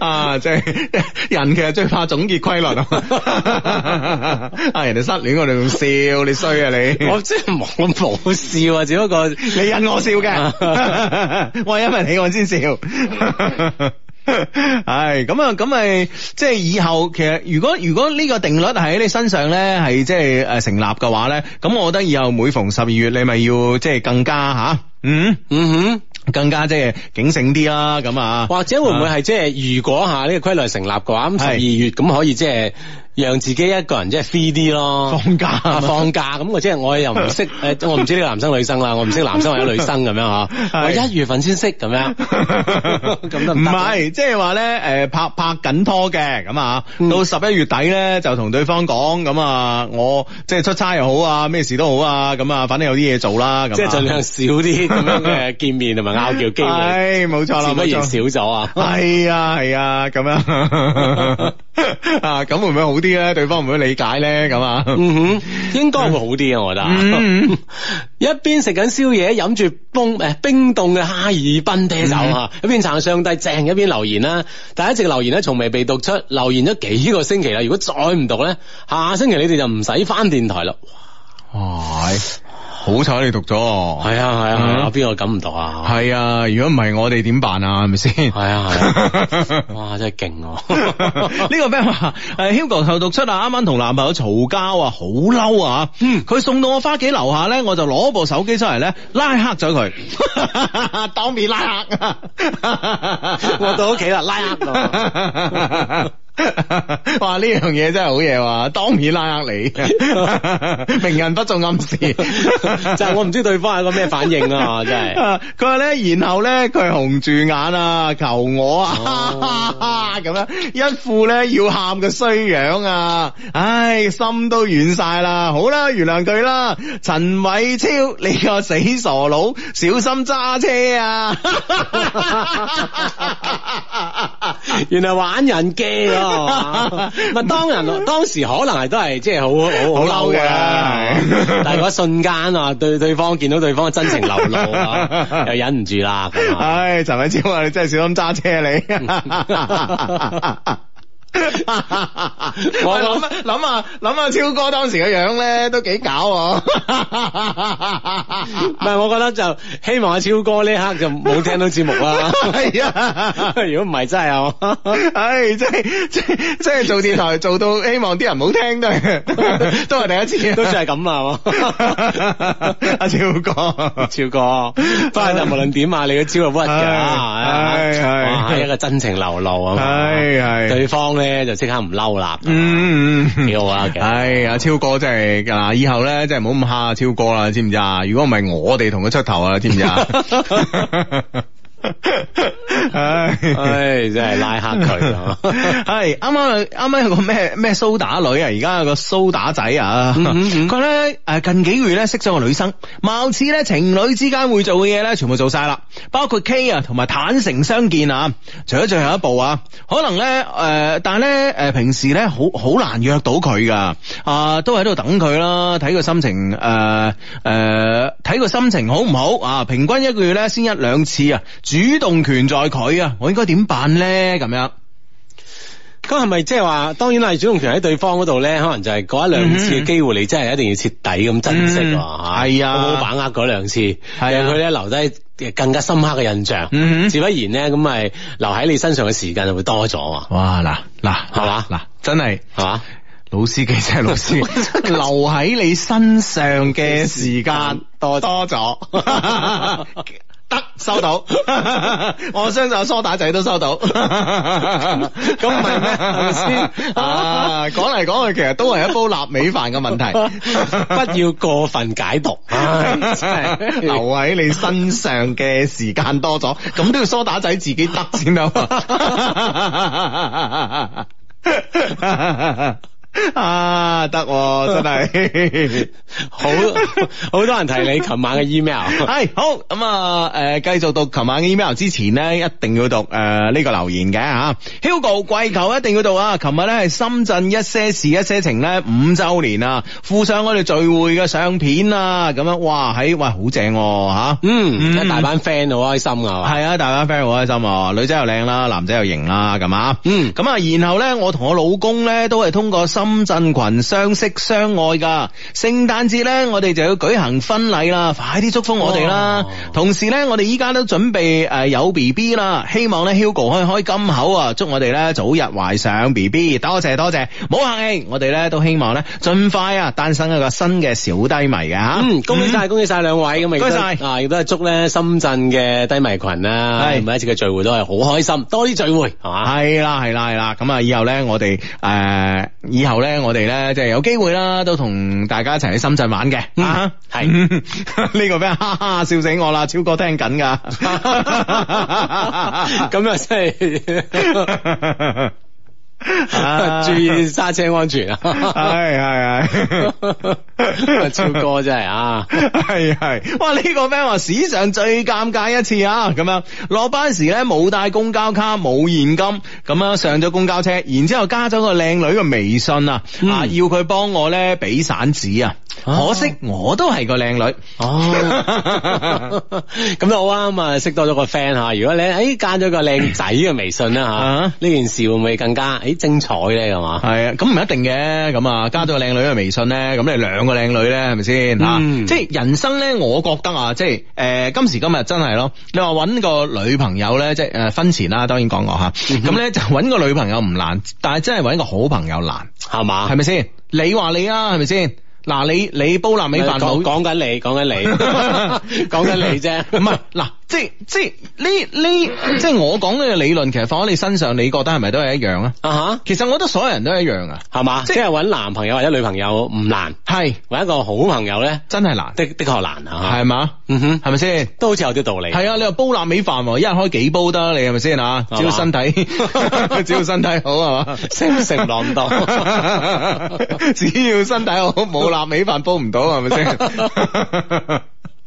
啊，即、就、係、是、人其實最怕總結規律啊！ 啊，人哋失戀我哋仲笑， 你衰啊你！我真係冇咁好笑啊，只不過 你引我笑嘅，哇！ 有人氣我先笑。唉、 哎，咁啊，咁咪即係以後其實如果如果呢個定律喺你身上咧，係即係誒成立嘅話咧，咁我覺得以後每逢十二月你咪要即係更加吓。啊嗯嗯哼，更加即係警醒啲啦，咁啊，或者會唔會係即係如果吓呢個規律成立嘅話，咁十二月咁可以即係。讓自己一個人即係、就是、free 啲咯，放假，啊、放假咁我、啊、即係我又唔識誒，我唔知呢個男生女生啦，我唔識男生或者女生咁、啊是啊、樣嗬、就是呃，我一月份先識咁樣，咁都唔係，即係話咧誒拍拍緊拖嘅咁啊，到十一月底咧就同對方講咁啊，我即係出差又好啊，咩事都好啊，咁啊，反正有啲嘢做啦，即係盡量少啲咁樣嘅見面同埋拗撬機會，冇錯啦，是不是少咗啊？係啊係啊，咁樣。 啊，咁會唔會好啲咧？對方會唔會理解咧？咁啊，嗯哼，應該會好啲啊，我覺得。 一邊食緊宵夜，飲住冰誒冰凍嘅哈爾濱啤酒啊，嗯、哼一邊謝上帝正，一邊留言啦。但係一直留言咧，從未被讀出。留言咗幾個星期啦，如果再唔讀咧，下星期你哋就唔使翻電台咯。哇！好彩你讀咗，係啊係啊，邊個敢唔讀啊？係啊，如果唔係我哋點辦啊？係咪先？係啊係啊，哇真係勁啊！呢 個咩話？係 Hugo 頭讀出啊，啱啱同男朋友嘈交啊，好嬲啊！嗯，佢送到我返屋企樓下咧，我就攞部手機出嚟咧 拉， 拉黑咗佢，當面拉黑，我到屋企啦，拉黑。話呢樣嘢真係好嘢，當然拉黑你， 明人不做暗事， 就係我唔知對方係個咩反應啊。真係。佢話咧，然後咧，佢紅住眼啊，求我啊，哈哈、哦，咁樣，一副咧要喊嘅衰樣啊，唉，心都軟晒啦，好啦，原諒佢啦，陳偉超，你個死傻佬，小心揸車啊， 原來玩人機、啊。哦，唔係 當人 當時可能係都係即係好好好嬲嘅，但係嗰一瞬間啊，對對方 見到對方嘅真情流露啊， 又忍唔住啦。唉，陳偉超啊，你真係小心揸車你。我諗諗下諗下超哥當時嘅樣咧都幾搞，唔係我覺得就希望阿超哥呢刻就冇聽到節目啦。係啊，如果唔係真係有，唉，即係即係即係做電台做到希望啲人唔好聽都係，都係第一次，都算係咁係，阿超哥，超哥，但係無論點啊，你都超係屈嘅。係係，哇一個真情流露啊，係係，對方咧。咧就即刻唔嬲啦，嗯嗯幾好啊！係啊、哎，超哥真係嗱，以後咧真係唔好咁蝦超哥啦，知唔知啊？如果唔係我哋同佢出頭啊， 知唔知啊？ 唉唉，真係拉黑佢。係啱啱啊，啱 啱有個咩咩蘇打女啊，而家有個蘇打仔啊，佢咧誒近幾個月咧識咗個女生，貌似咧情侶之間會做嘅嘢咧，全部做晒啦，包括 K 啊同埋坦誠相見啊，除咗最後一步啊，可能咧誒、呃，但係咧誒平時咧好好難約到佢噶啊，都喺度等佢啦，睇個心情誒誒，睇、呃呃、個心情好唔好啊？平均一個月咧先一兩次啊。主動權在佢啊，我應該點辦咧？咁樣咁係咪即係話？當然啦，主動權喺對方嗰度咧，可能就係嗰一兩次機會，你真係一定要徹底咁珍惜。係啊，好把握嗰兩次，係啊，佢咧留低嘅更加深刻嘅印象。自不然咧咁係留喺你身上嘅時間就會多咗。哇！嗱嗱，係嘛嗱，真係係嘛，老司機真係老師，留喺你身上嘅時間多多咗。得收到， 我相信梳打仔都收到，咁唔係咩？係咪先？講嚟講去，其實都係一煲臘味飯嘅問題， 不要過分解讀， 哎、 留喺你身上嘅時間多咗，咁都 要梳打仔自己得先得。 啊，得、啊、真係， 好好多人提你琴晚嘅 email。 係好咁啊。誒、嗯，繼、嗯、 續讀琴晚嘅 email 之前呢，一定要讀誒呢、呃這個留言嘅吓。Hugo 跪求一定要讀啊！琴日咧係深圳一些事一些情咧五周年啊，附上我哋聚會嘅相片啊，咁樣哇，喺喂好正吓，嗯，一大班 friend 好開心啊！係啊，一大班 friend 好開心，啊！女仔又靚啦，男仔又型啦，咁、哎、啊，啊，嗯，咁啊，啊，啊、嗯嗯、然後咧我同我，我老公咧都係通過深圳群相識相愛噶，聖誕節咧我哋就要舉行婚禮啦，快啲祝福我哋啦！同時咧，我哋依家都準備誒有 B B 啦，希望咧 Hugo 可以開金口，啊，祝我哋咧早日懷上 B B。多謝多謝，唔好客氣，我哋咧都希望咧盡快啊誕生一個新嘅小低迷嘅吓。嗯，恭喜晒，恭喜晒兩位咁啊！唔該晒！啊，亦都係祝咧深圳嘅低迷群啊，每一次嘅聚會都係好開心，多啲聚會係嘛？係啦，係啦，係啦！咁啊，以後咧我哋誒以後。咧我哋咧即係有機會啦，都同大家一齊去深圳玩嘅。係呢個咩？Huh. 是 哈哈，笑死我啦！超哥聽緊噶，咁啊，真係。 注意剎車安全啊！係係係，超哥真係啊！係 係，哇、這、呢個咩話史上最尷尬一次啊！咁樣落班時咧冇帶公交卡冇現金，咁樣上咗公交車，然之後加咗個靚女嘅微信，嗯、啊，要佢幫我咧俾散紙啊！可惜我都係個靚女哦，咁、啊、 好啊！咁啊識多咗個 friend 吓，如果你誒加咗個靚仔嘅微信啦吓，呢、啊啊、件事會唔會更加誒？精彩咧，係嘛？係、嗯、啊，咁唔一定嘅。咁啊，加咗個靚女嘅微信咧，咁你兩個靚女咧，係咪先？吓，即係人生咧，我覺得啊，即係誒、呃，今時今日真係咯。你話搵個女朋友咧，即係誒、呃，婚前啦，當然講我吓。咁咧就搵個女朋友唔難，但係真係搵個好朋友難，係嘛吧？係咪先？你話你啊，係咪先？嗱，你你煲臘味飯煲，講緊講我你，講緊你，講緊你啫。唔係嗱。即係即係呢呢即係我講嘅理論，其實放喺你身上，你覺得係咪都係一樣咧？啊哈！其實我覺得所有人都一樣啊，係嘛？即係搵男朋友或者女朋友唔難，係搵一個好朋友咧，真係難的的確難啊！係嘛？嗯哼，係咪先？都好似有啲道理。係啊，你話煲臘味飯，一日開幾煲得？你係咪先啊？只要身體只要身體好係嘛？食成浪蕩，只要身體好，冇臘味飯煲唔到係咪先？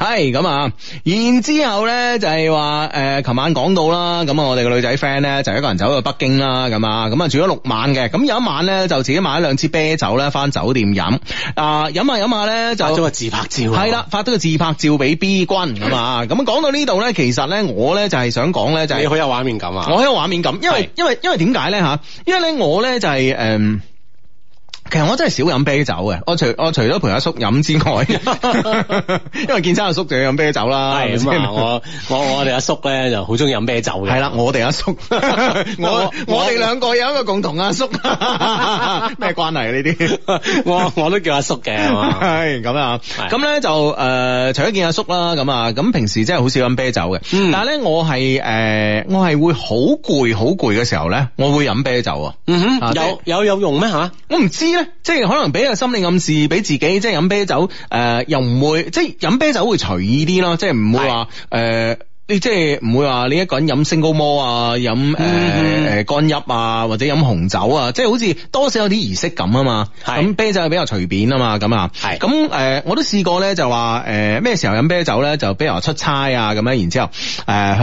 係咁啊。然之後咧就係話誒，琴、呃、晚講到啦，咁、嗯、啊我哋個女仔 friend 咧就是、一個人走去北京啦，咁啊咁啊住咗六晚嘅，咁、嗯、有一晚咧就自己買咗兩支啤酒咧翻酒店飲，啊飲下飲下咧就發咗個自拍照，係啦吧，發咗個自拍照俾 B 君咁啊，咁、嗯嗯嗯、講到呢度咧，其實咧我咧就係想講咧就係、是、好有畫面感，啊。我好有畫面感，因為是因為因為點解咧吓？因為咧我咧就係、是、誒。呃其實我真係少飲啤酒嘅，我除我除咗陪阿叔飲之外，因為見親阿叔就要飲啤酒啦。係咁啊，我我我哋阿叔咧就好中意飲啤酒嘅。係啦，我哋阿叔，我我哋兩個有一個共同阿叔，咩關係呢啲我我都叫阿叔嘅，係咁啊。咁咧就誒，除咗見阿叔啦，咁啊，咁平時真係好少飲啤酒嘅。但係咧，我係誒，我係會好攰好攰嘅時候咧，我會飲啤酒。嗯，有有有用咩吓？我唔知。即係可能俾個心理暗示，俾自己即係飲啤酒，誒、呃、又唔會即係飲啤酒會隨意啲咯，即係唔會話誒。的即係唔會話你一個人飲升高魔啊，飲誒誒乾邑啊，或者飲紅酒啊，即係好似多少有啲儀式感啊嘛。咁啤酒比較隨便啊嘛，咁啊。係咁誒，我都試過咧，就話誒咩時候飲啤酒咧，就比如話出差啊，咁樣，然之後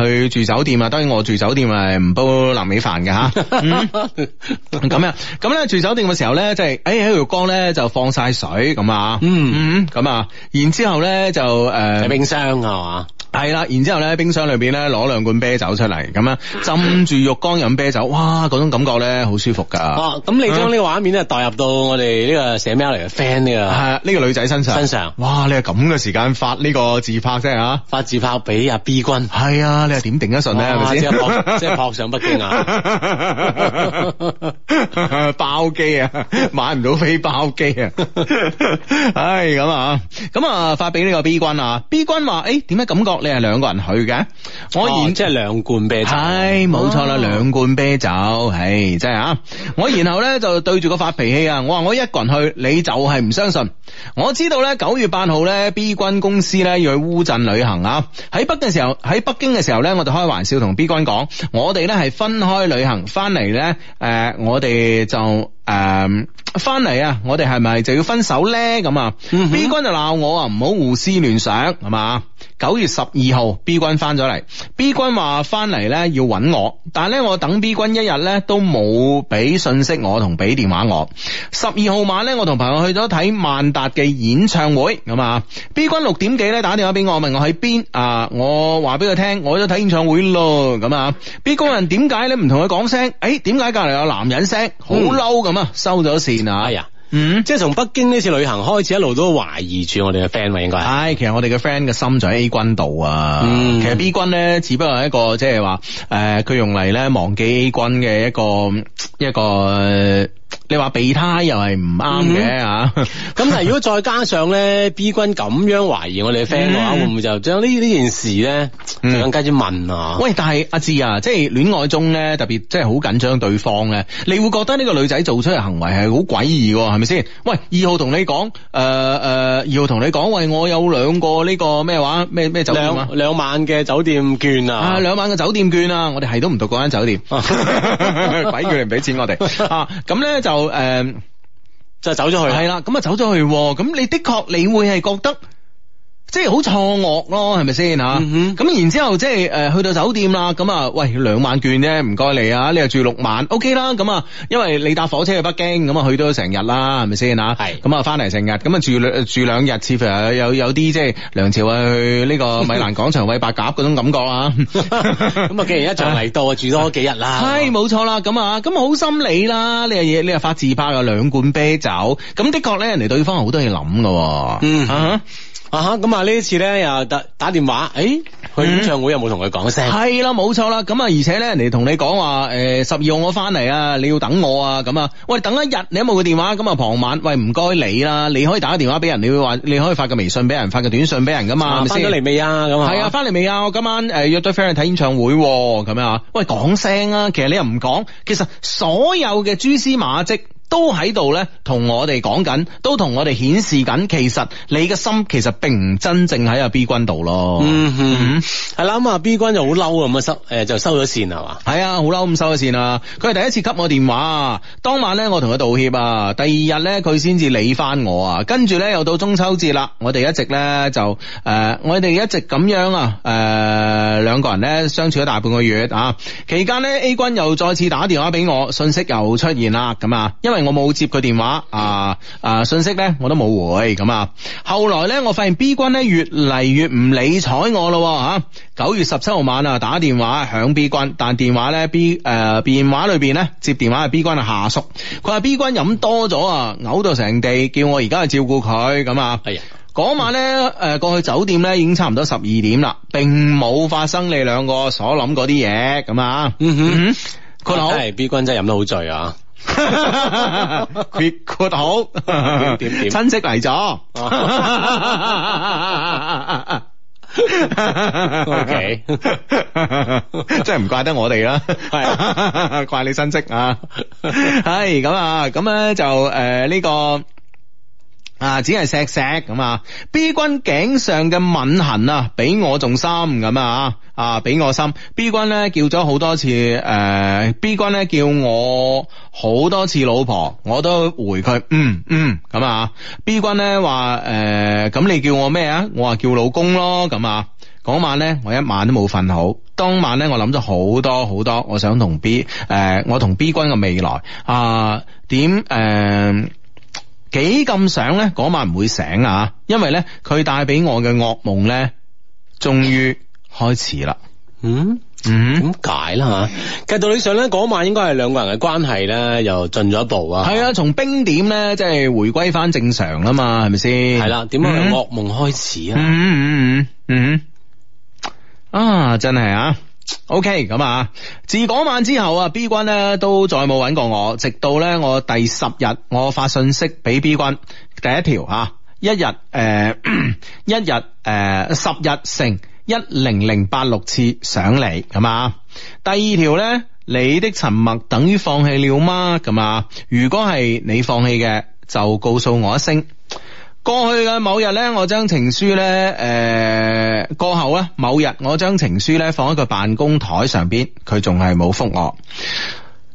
誒去住酒店啊。當然我住酒店係唔煲南美飯嘅吓。咁樣咁咧住酒店嘅時候咧，即係誒喺浴缸咧就放晒水咁啊。嗯嗯咁啊，然之後咧就誒冰箱係嘛。係啦，然之後咧，冰箱裏邊咧攞兩罐啤酒出嚟，咁樣浸住浴缸飲啤酒，哇，嗰種感覺咧好舒服噶。咁、啊、你將呢個畫面咧代入到我哋呢個寫咩嚟嘅 friend 呢個係啊，呢、這個女仔身上身上，哇，你係咁嘅時間發呢個自拍啫吓，啊、發自拍俾阿 B 君，係啊，你係點定一順咧係咪先？哇即係撲 上北京啊， 包機啊，買唔到飛包機啊，唉 咁、哎、啊，咁啊，發俾呢個 B 君啊，B 君話、啊、誒，點、欸、解感覺？你係兩個人去嘅，哦、我然即係兩罐啤酒，係冇錯啦，兩、哦、罐啤酒，唉，真係啊！ 我然後呢，就對住個發脾氣啊！我話我一個人去，你就係唔相信。我知道呢，九月八號呢 B 君公司呢要去烏鎮旅行啊！喺北嘅時候喺北京嘅時候呢，我哋開玩笑同 B 君講，「我哋呢係分開旅行翻嚟呢。」誒、呃，我哋就。誒，翻嚟啊！我哋係咪就要分手咧？咁啊、uh huh.，B 君就鬧我啊，唔好胡思亂想，係嘛？九月十二號，B 君翻咗嚟，B 君話翻嚟咧要揾我，但係咧我等 B 君一日咧都冇俾信息我同俾電話我。十二號晚咧，我同朋友去咗睇萬達嘅演唱會，咁啊，B 君六點幾咧打電話俾我，問我喺邊啊？我話俾佢聽，我都睇演唱會咯，咁啊，B 君人點解咧唔同佢講聲？誒、哎，點解隔籬有男人聲？好嬲咁。Uh huh. 收咗線啊！了線了哎呀，嗯，即係從北京呢次旅行開始，一路都懷疑住我哋嘅 friend 咪應該係。係、哎，其實我哋嘅 friend 嘅心就喺 A 君度啊。嗯，其實 B 君咧，只不過係一個即係話，誒、就是，佢、呃、用嚟咧忘記 A 君嘅一個一個。一個呃你話備胎又係唔啱嘅吓，咁但係、嗯，如果、啊、再加上咧 ，B 君咁樣懷疑我哋嘅 friend 嘅話，嗯、會唔會就將呢呢件事咧更加之問啊？喂，但係阿志啊，即係戀愛中咧，特別即係好緊張對方咧，你會覺得呢個女仔做出嘅行為係好詭異嘅，係咪先？喂，二號同你講，誒、呃、誒，二、呃、號同你講，喂，我有兩個呢、這個咩話咩咩酒店啊，兩晚嘅酒店券啊，兩晚嘅酒店券啊，我哋係都唔到嗰間酒店， 鬼叫你唔俾錢我哋啊，咁 咧、啊。就誒、呃、就，就走咗去了。係啦，咁啊走咗去。咁你的確，你會係覺得。即係好錯愕咯，係咪先吓？咁然之後即係誒，去到酒店啦，咁啊，喂，兩晚券啫，唔該你啊，你又住六晚 OK 啦，咁啊，因為你搭火車去北京，咁啊去到成日啦，係咪先啊？係，咁啊翻嚟成日，咁啊住兩住兩日，似乎有有啲即係梁朝偉去呢個米蘭廣場餵白鴿嗰種感覺啊，咁啊既然一場嚟到啊，住多幾日啦，係，冇錯啦，咁啊，咁好心理啦，呢樣嘢，你又發自拍啊，兩罐啤酒，咁的確咧，人哋對方好多嘢諗噶，嗯，啊哈，咁啊。啊呢次咧又打打電話，誒、哎、去、嗯、演唱會有冇同佢講聲？係啦，冇錯啦。咁啊，而且咧人哋同你講話誒十二號我翻嚟啊，你要等我啊。咁啊，喂等一日你有冇個電話，咁啊傍晚喂唔該你啦，你可以打個電話俾人，你會話你可以發個微信俾人，發個短信俾人噶嘛，係咪先？翻嚟未啊？咁啊係啊，翻嚟未啊？我今晚誒、呃、約咗 friend 去睇演唱會喎，咁啊喂講聲啊，其實你又唔講，其實所有嘅蛛絲馬跡，都喺度咧，同我哋講緊，都同我哋顯示緊。其實你嘅心其實並唔真正喺阿 B 君度咯。嗯哼，係啦、嗯哼，咁阿 B 君就好嬲啊，咁收誒就收咗線係嘛？係啊，好嬲咁收咗線啊。佢係第一次給我電話啊，當晚咧我同佢道歉啊，第二日咧佢先至理返我啊，跟住咧又到中秋節啦，我哋一直咧就誒、呃，我哋一直咁樣啊，誒、呃、兩個人咧相處咗大半個月啊，期間咧 A 君又再次打電話俾我，信息又出現啦，咁啊，因為。我冇接佢電話啊，啊信息咧，我都冇回咁啊。後來咧，我發現 B 君咧越嚟越唔理睬我咯吓、啊。九月十七號晚啊，打電話響 B 君，但電話咧 B 誒、呃、電話裏邊咧接電話係 B 君嘅下屬，佢話 B 君飲多咗啊，嘔到成地，叫我而家去照顧佢咁啊。係啊、哎呀，嗰晚咧誒過去酒店咧已經差唔多十二點啦，並冇發生你兩個所諗嗰啲嘢咁啊。嗯哼，哥好、嗯哼，真係、哎、B 君真係飲得好醉啊。佢 佢好，親戚嚟咗，O K，真係唔怪得我哋啦，係，怪你親親戚啊、 哎，係咁啊，咁咧、啊、就誒呢、呃這個啊只係錫錫咁啊，B 君頸上嘅吻痕啊，比我仲深咁啊。啊！俾我心 B 君咧叫咗好多次，誒、呃、B 君咧叫我好多次老婆，我都回佢。嗯嗯咁啊。B 君咧話誒，咁、呃、你叫我咩啊？我話叫老公咯。咁啊，晚咧我一晚都冇瞓好。當晚咧我諗咗好多好多，我想同 B 誒、呃，我同 B 君嘅未來啊，點誒幾咁想咧？晚唔會醒啊，因為咧佢帶俾我嘅噩夢咧，終於。開始啦，嗯嗯，點解啦吓？其實 道理上咧，嗰晚應該係兩個人嘅關係咧，又進咗一步 啊。係啊，從冰點咧，即係回歸翻正常吖嘛，係咪先？係 啦，點解由噩夢開始啊？嗯嗯嗯嗯， 啊，真係啊。OK，咁啊，自嗰晚之後啊，B 君咧都再冇揾過我，直到咧我第十日，我發信息俾 B 君，第一條啊，一日誒、呃，一日誒、呃呃，十日成。一零零八六次上嚟，咁啊，第二條呢，你的沉默等於放棄了嗎？咁啊，如果係你放棄嘅，就告訴我一聲。過去嘅某日呢，我將情書呢，誒、呃、過後啊，某日我將情書呢放喺個辦公台上邊，佢仲係冇覆我，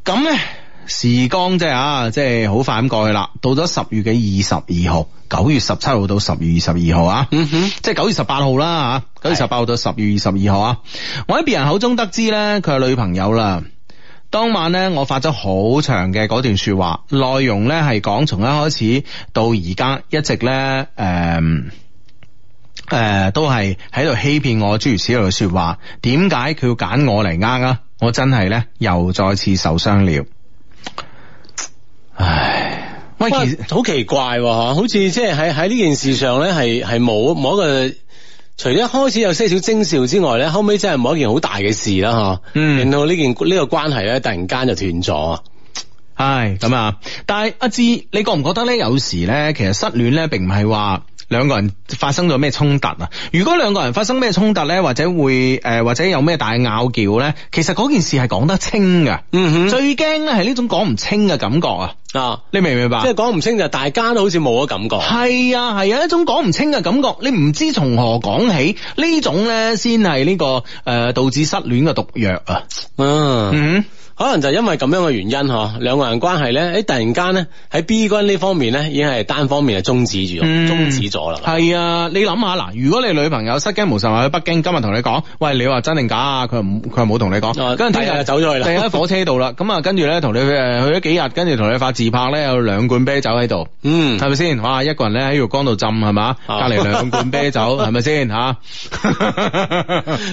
咁呢。時光即係啊，即係好快咁過去啦。到咗十月嘅二十二號，九月十七號到十月二十二號啊。嗯、哼，即係九月十八號啦。啊，九月十八號到十月二十二號啊。我喺別人口中得知呢，佢係女朋友啦。當晚呢，我發咗好長嘅嗰段說話，內容呢係講從一開始到而家一直呢，誒、呃、誒、呃，都係喺度欺騙我。諸如此類嘅說話，點解佢要揀我嚟呃啊？我真係呢，又再次受傷了。唉，喂，其實好奇怪，吓，好似即係喺喺呢件事上咧，係係冇冇一個除咗一開始有些少徵兆之外咧，後尾真係冇一件好大嘅事啦，吓，嗯，令到呢件呢、這個關係咧突然間就斷咗，唉，咁啊。但係阿芝，你覺唔覺得咧？有時咧，其實失戀咧，並唔係話兩個人發生咗咩衝突啊。如果兩個人發生咩衝突咧，或者會誒或者有咩大拗撬咧，其實嗰件事係講得清噶，嗯哼，最驚咧係呢種講唔清嘅感覺啊。啊！哦、你明唔明白？即係講唔清就大家都好似冇咗感覺。係啊，係啊，啊一種講唔清嘅感覺，你唔知從何講起，種呢種咧先係呢個誒、呃、導致失戀嘅毒藥啊！嗯、啊、嗯。可能就係因為咁樣嘅原因嗬，兩個人關係咧，誒突然間咧喺 B 君呢方面咧，已經係單方面係終止住，終止咗啦。係啊，你諗下嗱，如果你女朋友失驚無神話去北京，今日同你講，喂，你話真定假啊？佢唔佢冇同你講，跟住聽日就走咗去啦，定喺火車度啦。咁啊，跟住咧同你去咗幾日，跟住同你發自拍咧，有兩罐啤酒喺度，嗯，係咪先？哇，一個人咧喺浴缸度浸係嘛，隔籬兩罐啤酒係咪先吓？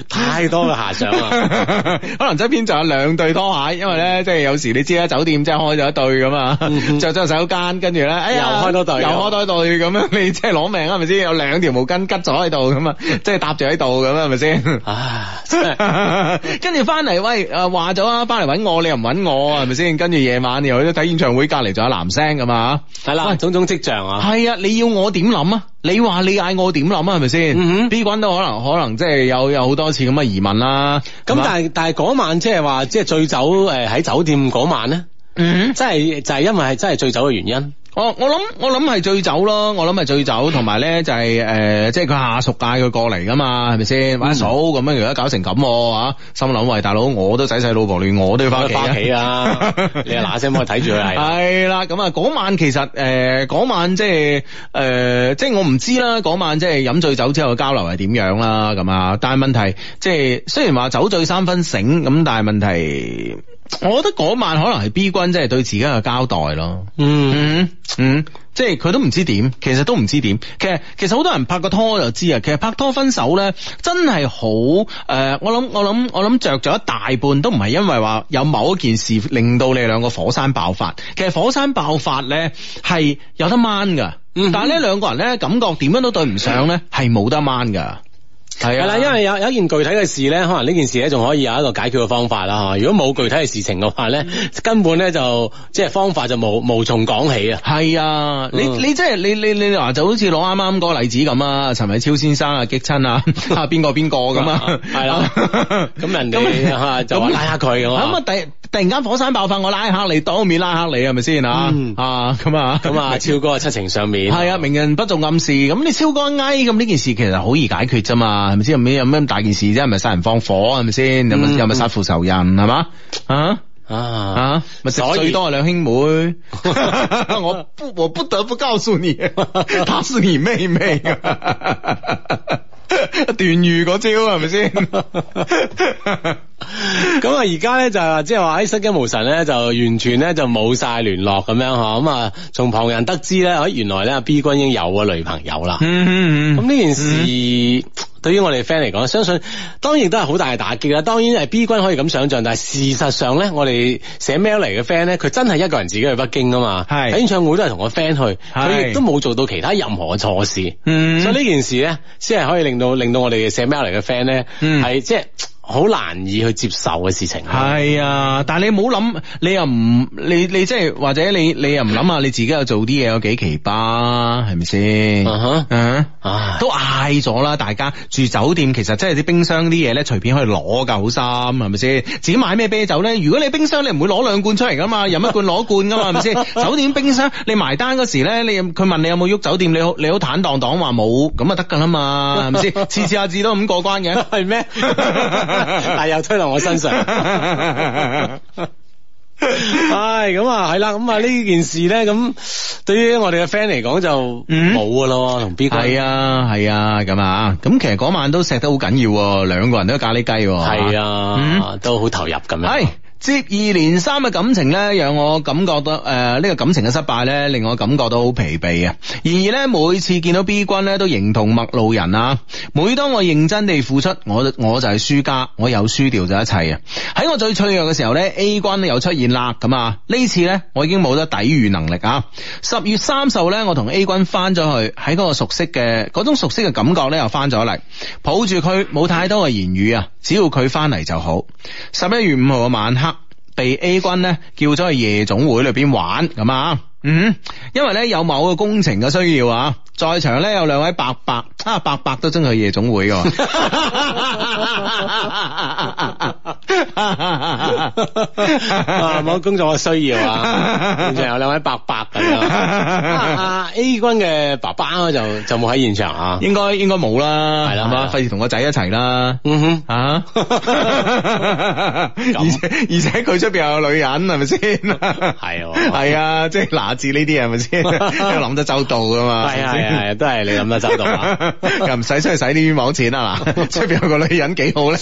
太多嘅遐想啊，可能側邊就有兩對拖鞋。因為咧，即係有時你知啦，酒店即係開咗一對咁啊，着咗洗手間，跟住咧，哎呀，又開多對，又開多對咁樣，你是是樣即係攞命啊，係咪先？有兩條毛巾拮咗喺度咁啊，即係搭住喺度咁啊，係咪先？啊，真係，跟住翻嚟，喂，誒、呃，話咗啊，翻嚟搵我，你又唔搵我啊，係咪先？跟住夜晚又去睇演唱會，隔籬仲有男聲咁嘛，係啦了，種種跡象啊，係啊，你要我點諗啊？你話你嗌我點諗啊？係咪先？嗯哼，B 君都可能可能即係有有好多次咁嘅疑問啦。咁但係但係嗰晚即係話即係醉酒誒喺、呃、酒店嗰晚咧？嗯，即係就係、是、因為係真係醉酒嘅原因。哦，我諗我諗係醉酒咯，我諗係醉酒，同埋咧就係、是、誒、呃，即係佢下屬帶佢過嚟噶嘛，係咪先？阿、嗯、嫂咁樣如果搞成咁，吓、啊、心諗喂，大佬我都仔細老婆亂，我都要返屋企啊！你啊嗱嗱聲幫我睇住佢係。係啦， 咁啊嗰晚其實誒嗰、呃那個、晚即係誒即係我唔知啦，嗰、那個、晚即係飲醉酒之後嘅交流係點樣啦咁啊。但係問題即係、就是、雖然話酒醉三分醒，咁但係問題。我覺得嗰晚可能係 B 君即係、就是、對自己嘅交代咯。嗯嗯嗯，即係佢都唔知點，其實都唔知點。其實其實好多人拍過拖就知啊。其實拍拖分手咧，真係好誒。我諗我諗我諗着咗一大半都唔係因為話有某一件事令到你兩個火山爆發。其實火山爆發咧係有得掹噶，嗯、哼但係呢兩個人咧感覺點樣都對唔上咧，係冇、嗯、得掹噶。係啦，因為有有一件具體嘅事咧，可能呢件事咧仲可以有一個解決嘅方法啦吓。如果冇具體嘅事情嘅話咧，根本咧就即係方法就冇無從講起啊。係啊，你你即係你你你話就好似攞啱啱嗰個例子咁啊，陳偉超先生啊激親啊，啊邊個邊個咁啊，係啦，咁人哋就話拉下佢咁啊。咁啊，突然間火山爆發，我拉下你，當面拉黑你係咪先吓？啊，咁啊，咁啊，超哥啊，七情上面係啊，明人不做暗示。咁你超哥矮，咁呢件事其實好易解決啫嘛。係咪先有咩有咩咁大件事啫？係咪殺人放火係咪先？有咪有咪殺父仇人係嘛？啊啊啊！咪食最多係兩兄妹。 我不我不得不告訴你，她是你妹妹。 段譽嗰招係咪先？咁啊，而家咧就係、是、話，即係話喺失驚無神咧，就完全咧就冇晒聯絡咁樣嗬。咁啊，從旁人得知咧，原來咧阿 B 君已經有咗女朋友啦。咁呢、嗯嗯、件事。嗯對於我哋 friend 嚟講，相信當然都係好大嘅打擊啦。當然係 B 君可以咁想象，但係事實上咧，我哋寫 mail 嚟嘅 friend 咧，佢真係一個人自己去北京啊嘛。係是，喺演唱會都係同個 friend 去，佢是亦都冇做到其他任何嘅錯事。嗯，所以呢件事咧，先係可以令到令到我哋嘅寫 mail 嚟嘅 friend 咧，係即係。是就是好難以去接受嘅事情係啊！但係你冇諗，你又唔你你即係或者你你又唔諗下你自己有做啲嘢有幾奇葩係咪先？都嗌咗啦！大家住酒店其實真係啲冰箱啲嘢咧，隨便可以攞㗎，好心係咪先？自己買咩啤酒咧？如果你冰箱你唔會攞兩罐出嚟㗎嘛，飲一罐攞罐㗎嘛，係咪先？ 酒店冰箱你埋單嗰時咧，你佢問你有冇喐酒店，你好你好坦蕩蕩話冇咁啊得㗎啦嘛，係咪先？是是 次下次阿志都咁過關嘅係咩？ 但 又推落我身上， 唉，咁啊，係啦、啊，咁啊呢件事咧，咁對於我哋嘅 friend 嚟講就冇噶咯，同、嗯、B 係啊，係啊，咁啊，咁其實嗰晚都食得好緊要，兩個人都咖喱雞，係啊，啊嗯、都好投入咁樣。接二連三嘅感情咧，讓我感覺到誒，呢、呃這個感情嘅失敗咧，令我感覺到好疲憊啊！然而咧，每次見到 B 君咧，都形同陌路人啊！每當我認真地付出，我我就係輸家，我又輸掉咗一切啊！喺我最脆弱嘅時候咧，A 君咧又出現啦！咁啊，呢次咧我已經冇得抵禦能力啊！十月三十號咧，我同 A 君翻咗去，喺嗰個熟悉嘅嗰種熟悉嘅感覺咧，又翻咗嚟，抱住佢，冇太多嘅言語啊！只要佢翻嚟就好。十一月五號嘅晚黑，被 A 君呢叫咗去夜總會裏邊玩咁啊。嗯，因為咧有某個工程嘅需要啊，在場咧有兩位伯伯啊，伯伯都真係夜總會嘅，啊 啊，某工作嘅需要啊， 現場有兩位伯伯咁樣。 啊，A 君嘅爸爸就就冇喺現場啊，應該應該冇啦，係啦，費事同個仔一齊啦。嗯哼，啊，而且而且佢出邊有女人係咪先？係 對我 啊，係啊，即係難。打字呢啲嘢係咪先？又諗 得周到㗎嘛？係係啊，都係你諗得周到， 又唔使出去使啲冤枉錢啊嗱，出邊 有個女人幾好咧。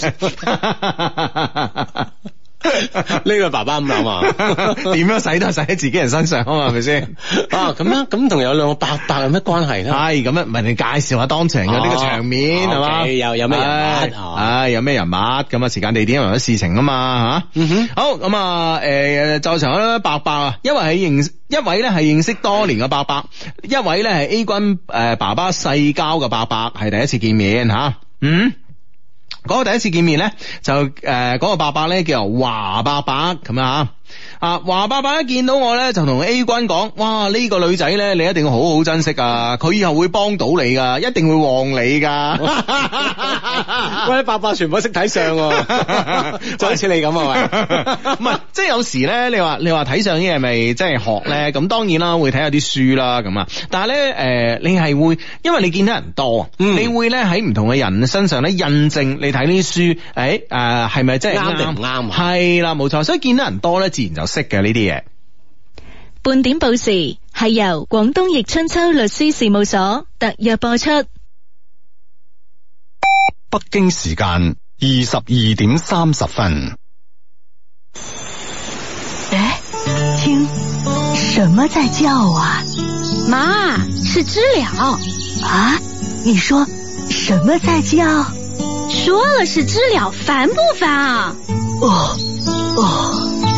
呢 個爸爸咁諗啊？點 樣使都係使喺自己人身上 啊？嘛係咪先？啊咁啊咁同有兩個伯伯有咩關係咧？係咁啊，咪你介紹下當場嘅呢個場面係嘛？又、哦 okay，啊、有咩人物？唉、哎啊，有咩人物？咁啊，時間、嗯哼、地點同啲事情啊嘛吓。好咁啊，誒、呃，在場咧伯伯啊，因為係認一位咧係認識多年嘅伯伯，一位咧係 A 君誒爸爸世交嘅伯伯，係、呃、第一次見面吓。啊、嗯。嗰個第一次見面咧，就誒，嗰、呃那個伯伯咧叫華伯伯咁樣啊。啊華伯伯一見到我咧就同 A 君講：哇呢，這個女仔咧你一定要好好珍惜啊！佢以後會幫到你噶，一定會旺你噶 喂，伯伯全部識睇相，啊，就好似你咁啊。喂，唔 係，即係有時咧，你話你話睇相嘢係咪即係學咧？咁當然啦，會睇下啲書啦，咁啊，但係咧，誒，呃，你係會，因為你見得人多，嗯、你會咧喺唔同嘅人身上咧印證你睇呢啲書，誒，哎，誒，呃，係咪真係啱定唔啱啊？係啦，冇錯，所以見得人多咧，自然就是。識嘅呢啲嘢。半點報時係由廣東易春秋律師事務所特約播出。北京時間二十二點三十分。誒，聽，什麼在叫啊？媽，是知了。啊？你說，什麼在叫？說了是知了，煩不煩啊？哦，哦。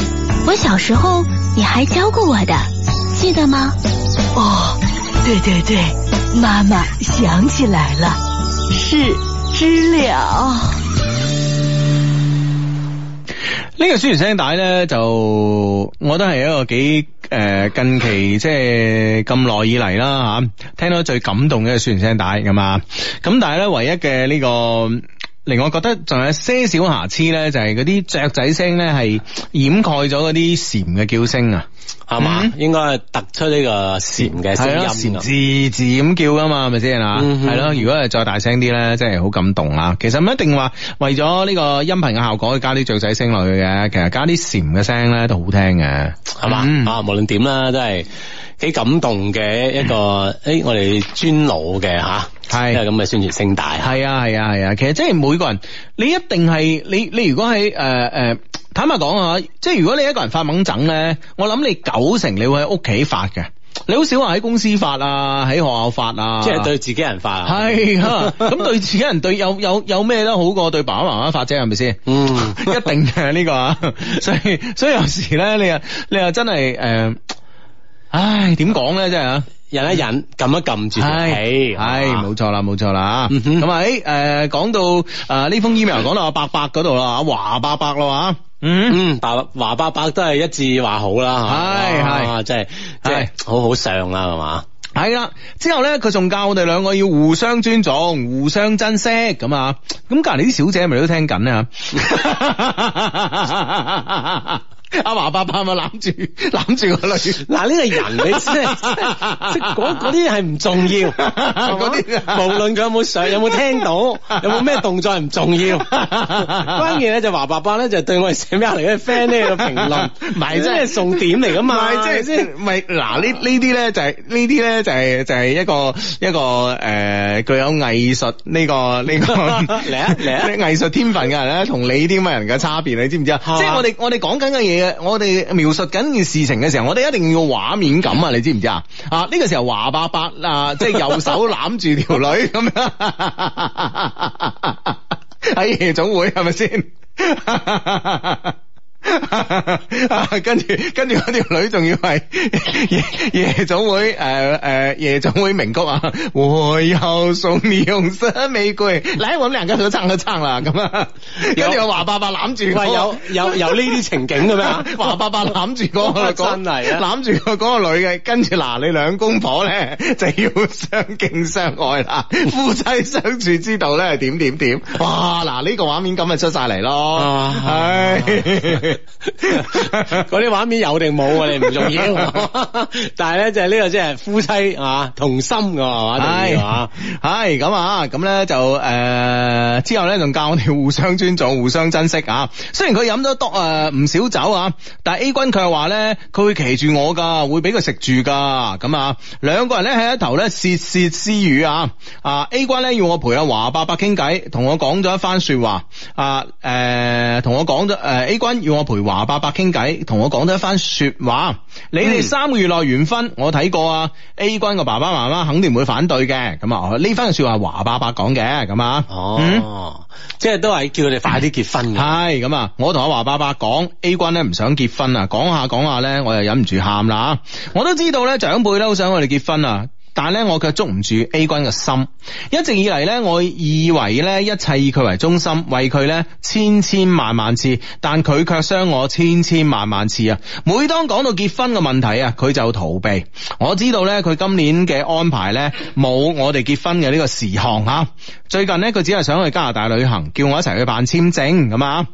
我小時候，你還教過我的，記得嗎？哦，對對對，媽媽想起來了，是知了。呢、這個宣傳聲帶咧，就我覺得係一個幾誒、呃、近期即係咁耐以嚟啦，吓、啊、聽到最感動嘅宣傳聲帶咁嘛。咁、嗯、但係咧，唯一嘅呢、這個。嚟，我覺得仲有些小瑕疵咧，就係嗰啲雀仔聲咧，係掩蓋咗嗰啲蟬嘅叫聲啊，係嘛吧？嗯、應該係突出呢個蟬嘅聲音，自自咁叫噶嘛，係咪先啊？係咯、嗯哼，如果係再大聲啲咧，真係好感動啊。其實唔一定話為咗呢個音頻嘅效果加去加啲雀仔聲落去嘅，其實加啲蟬嘅聲咧都好聽嘅，係嘛吧？嗯、啊，無論點啦，都係幾感動嘅一個，誒、嗯哼哎，我哋尊老嘅嚇。啊。係，咁嘅宣傳聲大。係啊，係啊，係啊，啊。其實即係每個人，你一定係你，你如果喺誒誒，坦白講啊，即係如果你一個人發懵症咧，我諗你九成你會喺屋企發嘅。你好少話喺公司發啊，喺學校發啊。即係對自己人發、啊。係、啊。咁 對自己人對有有有咩都好過對爸爸媽媽發啫，係咪先？嗯， 一定嘅呢、呢個、啊。所以所以有時咧，你又你又真係誒、呃，唉點講咧，真係啊！忍一忍，撳一撳住。係，係，冇錯、哎哎、啦，冇錯啦咁啊，誒，講到誒呢封 email 講到阿伯伯嗰度啦，阿華伯伯啦吓。嗯嗯，伯華伯伯都係一致話好啦。係係、啊啊，真係真係好好上啦、啊，係嘛。係啦、嗯，之後咧佢仲教我哋兩個要互相尊重，互相珍惜咁啊。咁隔籬啲小姐咪都聽緊咧。阿華伯伯咪攬住攬住個女，嗱呢、這個人你即係嗰啲係唔重要，嗰啲 無論佢有冇上有冇聽到 有冇咩動作唔重要， 關鍵咧就華伯伯咧就對我哋寫咩嚟嘅 friend 咧嘅評論，唔係即係重點嚟㗎嘛，唔係即係即係嗱呢呢啲咧就係呢啲咧就係、是、就係、是、一個一個誒、呃、具有藝術呢個呢個嚟嚟 啊藝術、啊、 天分嘅人咧同你啲咁嘅人嘅差別你知唔知啊？即係我哋我哋講緊嘅嘢。我哋描述緊件事情嘅時候，我哋一定要畫面感啊！你知唔知啊？啊，呢、這個時候華伯伯啊，即係右手攬住條女咁樣喺夜、 哎、總會係咪先？是 跟住，跟住嗰條女仲要係夜夜總會誒誒夜總會名曲啊，然後送紅色玫瑰，嚟我哋兩家就爭去爭啦咁啊。跟住華伯伯攬住，佢、呃啊， 有有有呢啲情景嘅咩？華伯伯攬住嗰個， 真係攬住嗰個女嘅。跟住嗱、啊，你兩公婆咧就要相敬相愛啦，夫妻相處之道咧係點點點。哇嗱，呢、啊啊這個畫面咁咪出晒嚟咯，係、 啊。啊 嗰啲畫面有定冇啊？你唔重要，但係咧就係呢個即係夫妻啊同心嘅，係嘛？係咁啊，咁咧就誒之後咧仲教我哋互相尊重、互相珍惜啊。雖然佢飲咗多誒唔、呃、少酒啊，但係 A 君佢係話咧，佢會騎住我噶，會俾佢食住噶。咁啊兩個人咧喺一頭咧竊竊私語啊啊 A 君咧要我陪阿華伯伯傾偈，同我講咗一番話、啊呃、說話啊誒，同我講咗誒 A 君要我。我陪華伯伯傾偈，同我講咗一番說話。嗯、你哋三個月內完婚，我睇過啊。A 君個爸爸媽媽肯定唔會反對嘅。咁啊，呢番嘅說話華伯伯講嘅咁啊。哦，嗯、即係都係叫佢哋快啲結， 結婚。係咁啊，我同阿華伯伯講，A 君咧唔想結婚啊。講下講下咧，我又忍唔住喊啦。我都知道咧，長輩都好想我哋結婚啊。但咧，我卻捉唔住 A 君嘅心。一直以嚟咧，我以為咧一切以佢為中心，為佢咧千千萬萬次，但佢卻傷我千千萬萬次啊！每當講到結婚嘅問題啊，佢就逃避。我知道咧，佢今年嘅安排咧冇我哋結婚嘅呢個時項吓。最近咧，佢只係想去加拿大旅行，叫我一齊去辦簽證咁啊。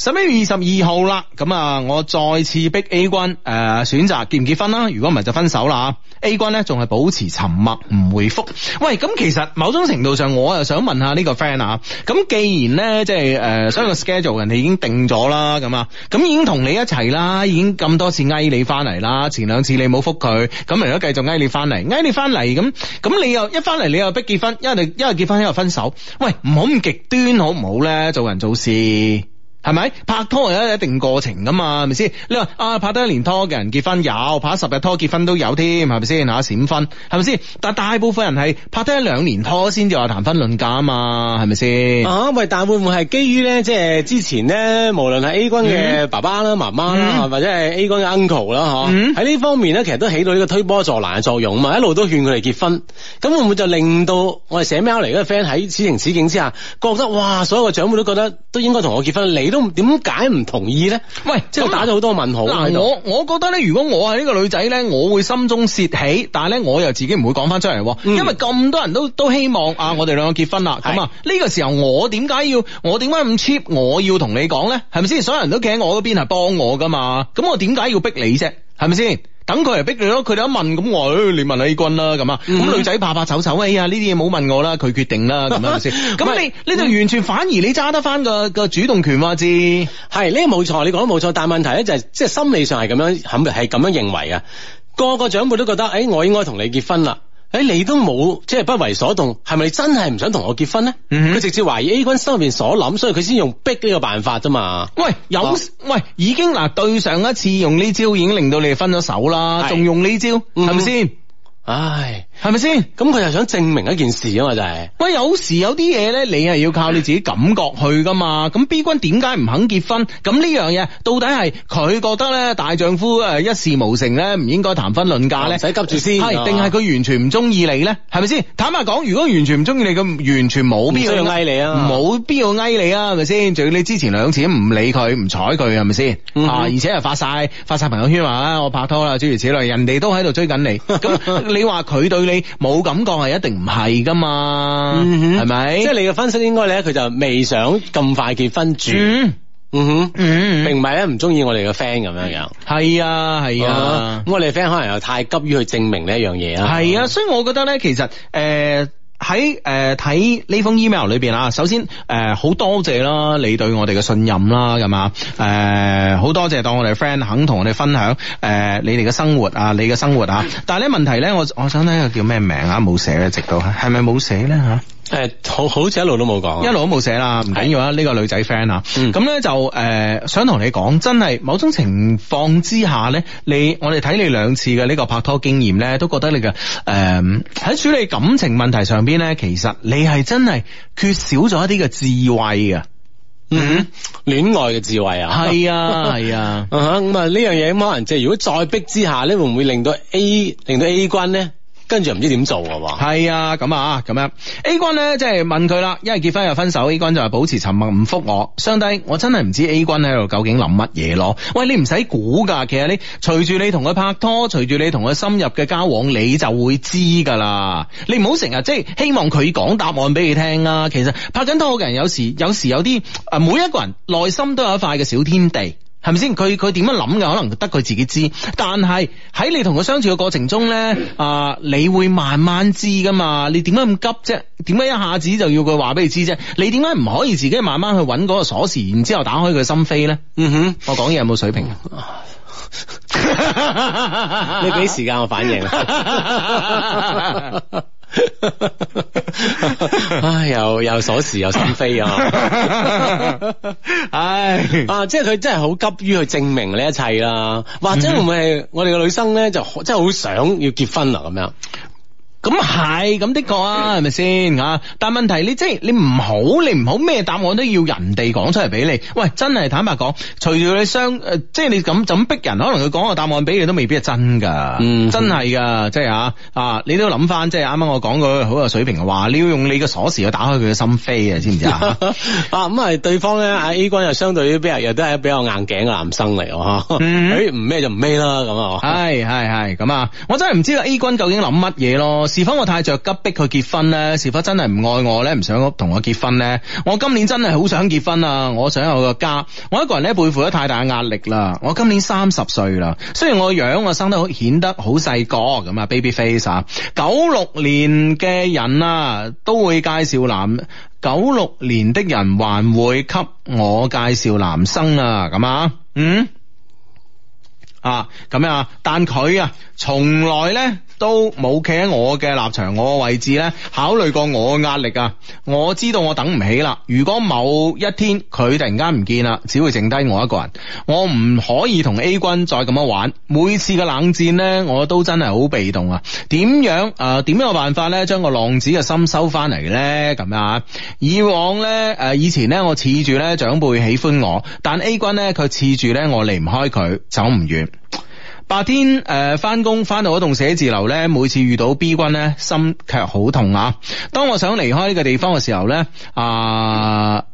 十一月二十二號啦，咁啊，我再次逼 A 君誒、呃，選擇結唔結婚啦？如果唔係就分手啦。A 君呢，仲係保持沉默，唔回覆。喂，咁其實某種程度上，我又想問下呢個 friend 啊。咁既然呢，即係誒，所、呃、有 schedule 人哋已經定咗啦，咁啊，咁已經同你一齊啦，已經咁多次嗌你翻嚟啦。前兩次你冇覆佢，咁如果繼續嗌你翻嚟，嗌你翻嚟咁，咁你又一翻嚟，你又逼結婚，一係一係結婚，一係分手。喂，唔好咁極端，好唔好呢？做人做事。係咪拍拖有一定過程噶嘛？係咪先？你話啊，拍得一年拖嘅人結婚有，拍十日拖結婚都有添，係咪先啊閃婚？係咪先？但大部分人係拍得一兩年拖先至話談婚論嫁啊嘛？係咪先？啊喂！但會唔會係基於咧，即係之前咧，無論係 A 君嘅爸爸啦、媽媽啦，嗯、或者係 A 君嘅 uncle 啦、嗯，嗬？喺呢方面咧，其實都起到呢個推波助瀾嘅作用啊嘛！一路都勸佢哋結婚，咁會唔會就令到我哋寫 mail 嚟嗰個 friend 喺此情此景之下，覺得哇！所有嘅長輩都覺得都應該同我結婚，你都。點解唔同意呢？喂，即係樣打咗好多問號。嗱，我我覺得呢，如果我係呢個女仔呢，我會心中竊喜，但係呢，我又自己唔會講翻出嚟，嗯、因為咁多人都都希望啊，我哋兩個結婚啦。咁啊，呢個時候我點解要我點解咁 cheap？我要同你講呢？係咪先？所有人都企喺我嗰邊係幫我噶嘛？咁我點解要逼你啫？係咪先？等佢嚟逼你咯，佢哋一問咁話、哎，你問阿軍啦咁啊，咁、mm hmm. 女仔怕怕醜醜，哎呀，呢啲嘢冇問我啦，佢決定啦、啊，咁樣先。咁 樣 你，是你就完全、嗯、反而你揸得翻個個主動權、啊，我知。係呢個冇錯，你講得冇錯，但係問題咧就係、是，即係心理上係咁樣，肯定係咁樣認為啊，個個長輩都覺得，誒、哎，我應該同你結婚啦。誒，你都冇即係不為所動，係咪真係唔想同我結婚咧？佢、mm hmm. 直接懷疑 A 君心入邊所諗，所以佢先用逼呢個辦法啫嘛。喂，有、oh. 喂，已經嗱對上一次用呢招已經令到你哋分咗手啦，仲是用呢招係咪先？唉。係咪先？咁佢就想證明一件事啊嘛，就係喂，有時有啲嘢咧，你係要靠你自己感覺去噶嘛。咁 B 君點解唔肯結婚？咁呢樣嘢到底係佢覺得咧，大丈夫誒一事無成咧，唔應該談婚論嫁咧？唔使急住先，定係佢完全唔中意你咧？係咪先？坦白講，如果完全唔中意你，咁完全冇必要，嗌你冇必要嗌你啊，係咪先？仲要你之前兩次唔理佢，唔睬佢，係咪先？嗯、哼啊，而且又發晒發晒朋友圈話我拍拖啦，諸如此類，人哋都喺度追緊你。咁 你話佢對？你冇感覺係一定唔係噶嘛，嗯哼，係咪？即係你嘅分析應該咧，佢就未想咁快結婚住，嗯哼，嗯，並唔係咧，唔中意我哋嘅 friend 咁樣樣，係啊，係啊，咁我哋嘅 friend 可能又太急於去證明呢一樣嘢啊，係啊，所以我覺得咧，其實誒。喺誒睇呢封 email 裏邊啊，首先誒好多謝啦，你對我哋嘅信任啦，咁啊誒好多謝當我哋 friend 肯同我哋分享，誒、呃、你哋嘅生活啊，你嘅生活啊，但係呢問題咧，我我想睇下叫咩名啊，冇寫嘅，直到係咪冇寫咧吓？是誒、嗯，好好似一路都冇講， 一路都冇寫啦，唔緊要啊。呢是個女仔 friend 啊，咁咧、嗯嗯、就誒想同你講，真係某種情況之下咧，你我哋睇你兩次嘅呢個拍拖經驗咧，都覺得你嘅誒喺處理感情問題上邊咧，其實你係真係缺少咗一啲嘅智、嗯嗯、智慧啊。 啊啊 嗯，戀愛嘅智慧啊，係啊係啊。咁啊呢樣嘢可能即係如果再逼之下咧，你會唔會令到 A 令到 A 君咧？跟住又唔知點做係嘛？係啊，咁啊，咁樣、啊、A 君呢，即係問佢啦，因為結婚又分手，A 君就係保持沉默唔復我，相弟，我真係唔知 A 君喺度究竟諗乜嘢咯。喂，你唔使估噶，其實你隨住你同佢拍拖，隨住你同佢深入嘅交往，你就會知噶啦。你唔好成日即係希望佢講答案俾你聽啊。其實拍緊拖嘅人有時有時有啲誒、呃，每一個人內心都有一塊嘅小天地。係咪先？佢佢點樣諗嘅？可能得佢自己知。但係喺你同佢相處嘅過程中咧，啊、呃，你會慢慢知噶嘛？你點解咁急啫？點解一下子就要佢話俾你知啫？你點解唔可以自己慢慢去揾嗰個鎖匙，然之後打開佢心扉咧？嗯哼，我講嘢有冇水平？ 你俾時間我反應。 唉，又又鎖匙又心飛啊！ 唉 啊啊，啊，即係佢真係好急於去證明呢一切啦，或者會唔會係我哋嘅女生咧，就真係好想要結婚啊咁樣？咁係咁的確啊，係咪先啊？但問題你即係、就是、你唔好，你唔好咩答案都要人哋講出嚟俾你。喂，真係坦白講，除咗你相，誒，即係你咁就咁逼人，可能佢講個答案俾你都未必係真噶。嗯嗯，真係噶，即係吓啊！你都要諗翻，即係啱啱我講佢好有水平嘅話，你要用你個鎖匙去打開佢嘅心扉啊，知唔知啊？啊咁啊，對方咧阿 A 君又相對於比較又都係比較硬頸嘅男生嚟，吓誒唔咩就唔咩啦咁啊。係係係咁啊！我真係唔知道 A 君究竟諗乜嘢咯。是否我太着急逼佢結婚呢，是否真係唔愛我呢？唔想同我結婚呢？我今年真係好想結婚啊！我想有個家。我一個人呢，背負咗太大嘅壓力啦。我今年三十歲啦。雖然我樣啊生得好，顯得好細個咁啊，baby face 啊。九六年嘅人啊，都會介紹男；九六年的人還會給我介紹男生啊。咁啊，嗯。啊，咁樣，啊，但佢啊，從來咧都冇企喺我嘅立場，我嘅位置咧，考慮過我嘅壓力啊！我知道我等唔起啦。如果某一天佢突然間唔見啦，只會剩低我一個人。我唔可以同 A 君再咁樣玩。每次嘅冷戰咧，我都真係好被動啊！點樣啊？呃，點樣有辦法咧，將個浪子嘅心收翻嚟咧？咁樣啊？以往咧，誒、呃，以前咧，我恃住咧長輩喜歡我，但 A 君咧，佢恃住咧我離唔開佢，走唔遠。白天誒，翻工翻到嗰棟寫字樓咧，每次遇到 B 君咧，心卻好痛啊！當我想離開呢個地方嘅時候咧，啊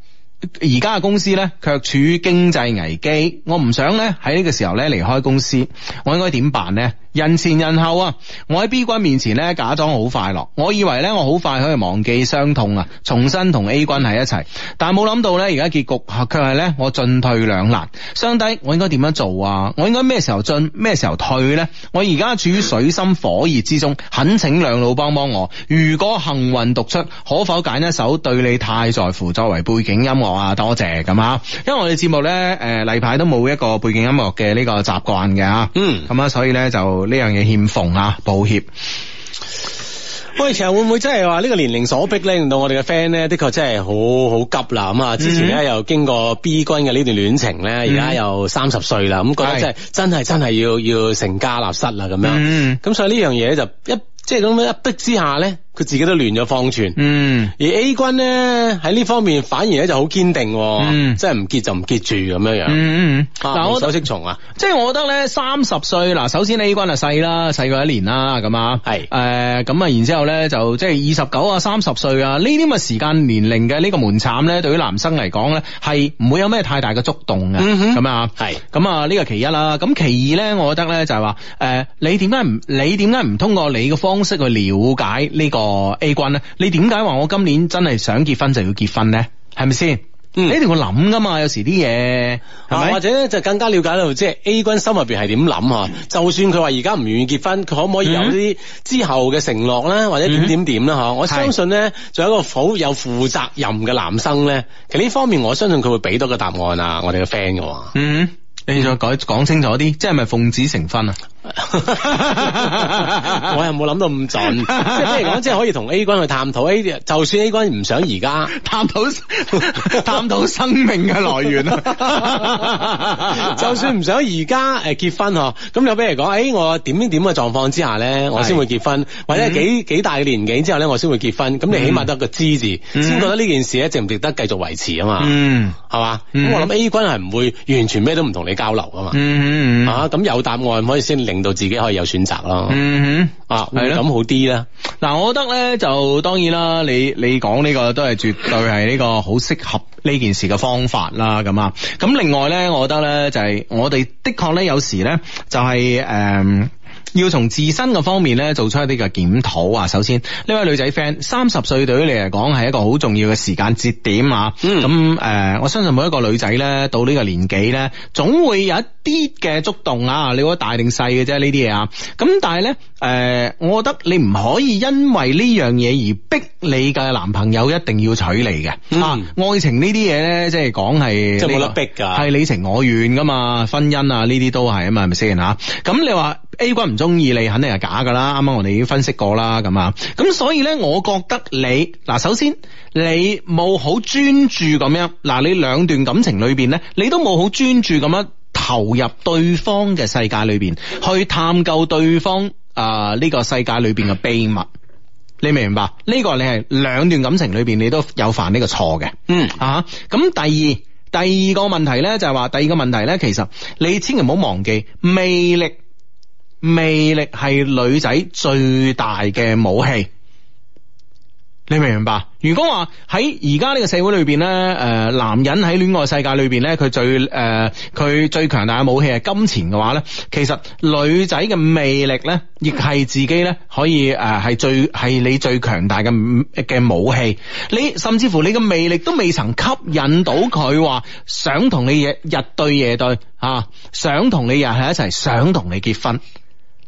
而家嘅公司咧卻處於經濟危機，我唔想咧喺呢個時候咧離開公司，我應該點辦咧？人前人後啊！我喺 B 君面前咧，假裝好快樂。我以為咧，我好快可以忘記傷痛啊，重新同 A 君喺一齊。但係冇諗到咧，而家結局卻係咧，我進退兩難。相低，我應該點樣做啊？我應該咩時候進，咩時候退呢？我而家處於水深火熱之中，懇請兩老幫幫我。如果幸運讀出，可否揀一首《對你太在乎》作為背景音樂啊？多謝咁啊！因為我哋節目咧，誒、呃，例牌都冇一個背景音樂嘅呢個習慣嘅啊。嗯，咁啊，所以咧就。呢樣嘢欠奉啊，抱歉。喂，其實會唔會真係話呢個年齡所逼，令到我哋嘅 friend 咧，的確真係好好急啦。咁、嗯、啊，之前咧又經過 B 君嘅呢段戀情咧，而家、嗯、又三十歲啦，咁覺得真係是真係真係要要成家立室啦，咁樣。咁、嗯、所以呢樣嘢就一即係咁樣一逼之下咧。佢自己都亂咗方寸，嗯。而 A 君咧喺呢方面反而咧、嗯、就好堅定，嗯，真係唔結就唔結住咁樣樣，嗯嗯。嗱，首飾蟲啊，我啊即係我覺得咧三十歲嗱，首先 A 君啊細啦，細過一年啦咁啊，係是。誒咁啊，然之後咧就即係二十九啊三十歲啊呢啲咁嘅時間年齡嘅呢個門檻咧，對於男生嚟講咧係唔會有咩太大嘅觸動嘅，嗯哼。咁啊係。咁啊呢個其一啦。咁其二咧，我覺得咧就係話誒你點解唔你點解唔通過你嘅方式去了解呢個？哦，A 君咧，你點解話我今年真係想結婚就要結婚咧？係咪先？嗯、你一定會諗噶嘛，有時啲嘢，係咪？或者咧就更加了解到即係 A 君心入邊係點諗吓？就算佢話而家唔願意結婚，佢可唔可以有啲之後嘅承諾咧？或者點點點咧吓？嗯、我相信咧，是仲有一個好有負責任嘅男生咧，其實呢方面我相信佢會俾到個答案啊！我哋個 friend 嘅，嗯，你想講講清楚啲，嗯、即係咪奉子成婚啊？ 我又冇諗到咁盡，即係比如講，即係可以同 A 君去探討 A，就算 A 君唔想而家 探討探討生命嘅來源， 就算唔想而家誒結婚嗬，咁有比如講，誒、哎、我點點點嘅狀況之下咧，我先會結婚，是或者幾、嗯、幾大嘅年紀之後咧，我先會結婚，咁你起碼得個知字先、嗯、覺得呢件事咧值唔值得繼續維持啊嘛，係嘛、嗯？咁、嗯、我諗 A 君係唔會完全咩都唔同你交流啊嘛，咁、嗯嗯啊、有答案可以先零。令到自己可以有選擇咯，嗯哼啊，係啦，咁好啲啦。嗱，我覺得咧就當然啦，你你講呢個都係絕對係呢個好適合呢件事嘅方法啦。咁啊，咁另外咧，我覺得咧就係我哋的確咧有時咧就係、是、誒。呃要從自身嘅方面咧，做出一啲嘅檢討啊。首先，呢位女仔 friend，三十歲對於你嚟講係一個好重要嘅時間節點啊。咁誒、嗯呃，我相信每一個女仔咧，到呢個年紀咧，總會有一啲嘅觸動啊。你話大定細嘅啫，呢啲嘢啊。咁但係咧，誒，我覺得你唔可以因為呢樣嘢而逼你嘅男朋友一定要娶你嘅。嗯、啊，愛情呢啲嘢咧，即係講係即係冇得逼噶，係你情我願噶嘛。婚姻啊，呢啲都係啊嘛，係咪先吓？咁你話？A 君唔中意你，肯定係假噶啦。啱啱我哋已經分析過啦，咁啊，咁所以呢，我覺得你嗱，首先你冇好專注咁樣嗱，你兩段感情裏邊呢，你都冇好專注咁樣投入對方嘅世界裏邊去探究對方誒呢個世界裏邊嘅秘密。你明唔明白？呢個你係兩段感情裏邊你都有犯呢個錯嘅。嗯啊，咁第二第二個問題呢，就係話第二個問題呢，其實你千祈唔好忘記魅力。魅力係女仔最大嘅武器，你明唔明白？如果話喺而家呢個社會裏邊呢，誒、呃，男人喺戀愛世界裏邊呢，佢最誒，佢、呃、最強大嘅武器係金錢嘅話呢，其實女仔嘅魅力呢，亦係自己呢，可以誒，係、呃、最係你最強大嘅嘅武器。你甚至乎你嘅魅力都未曾吸引到佢，話想同你日日對夜對啊，想同你日喺一齊，想同你結婚。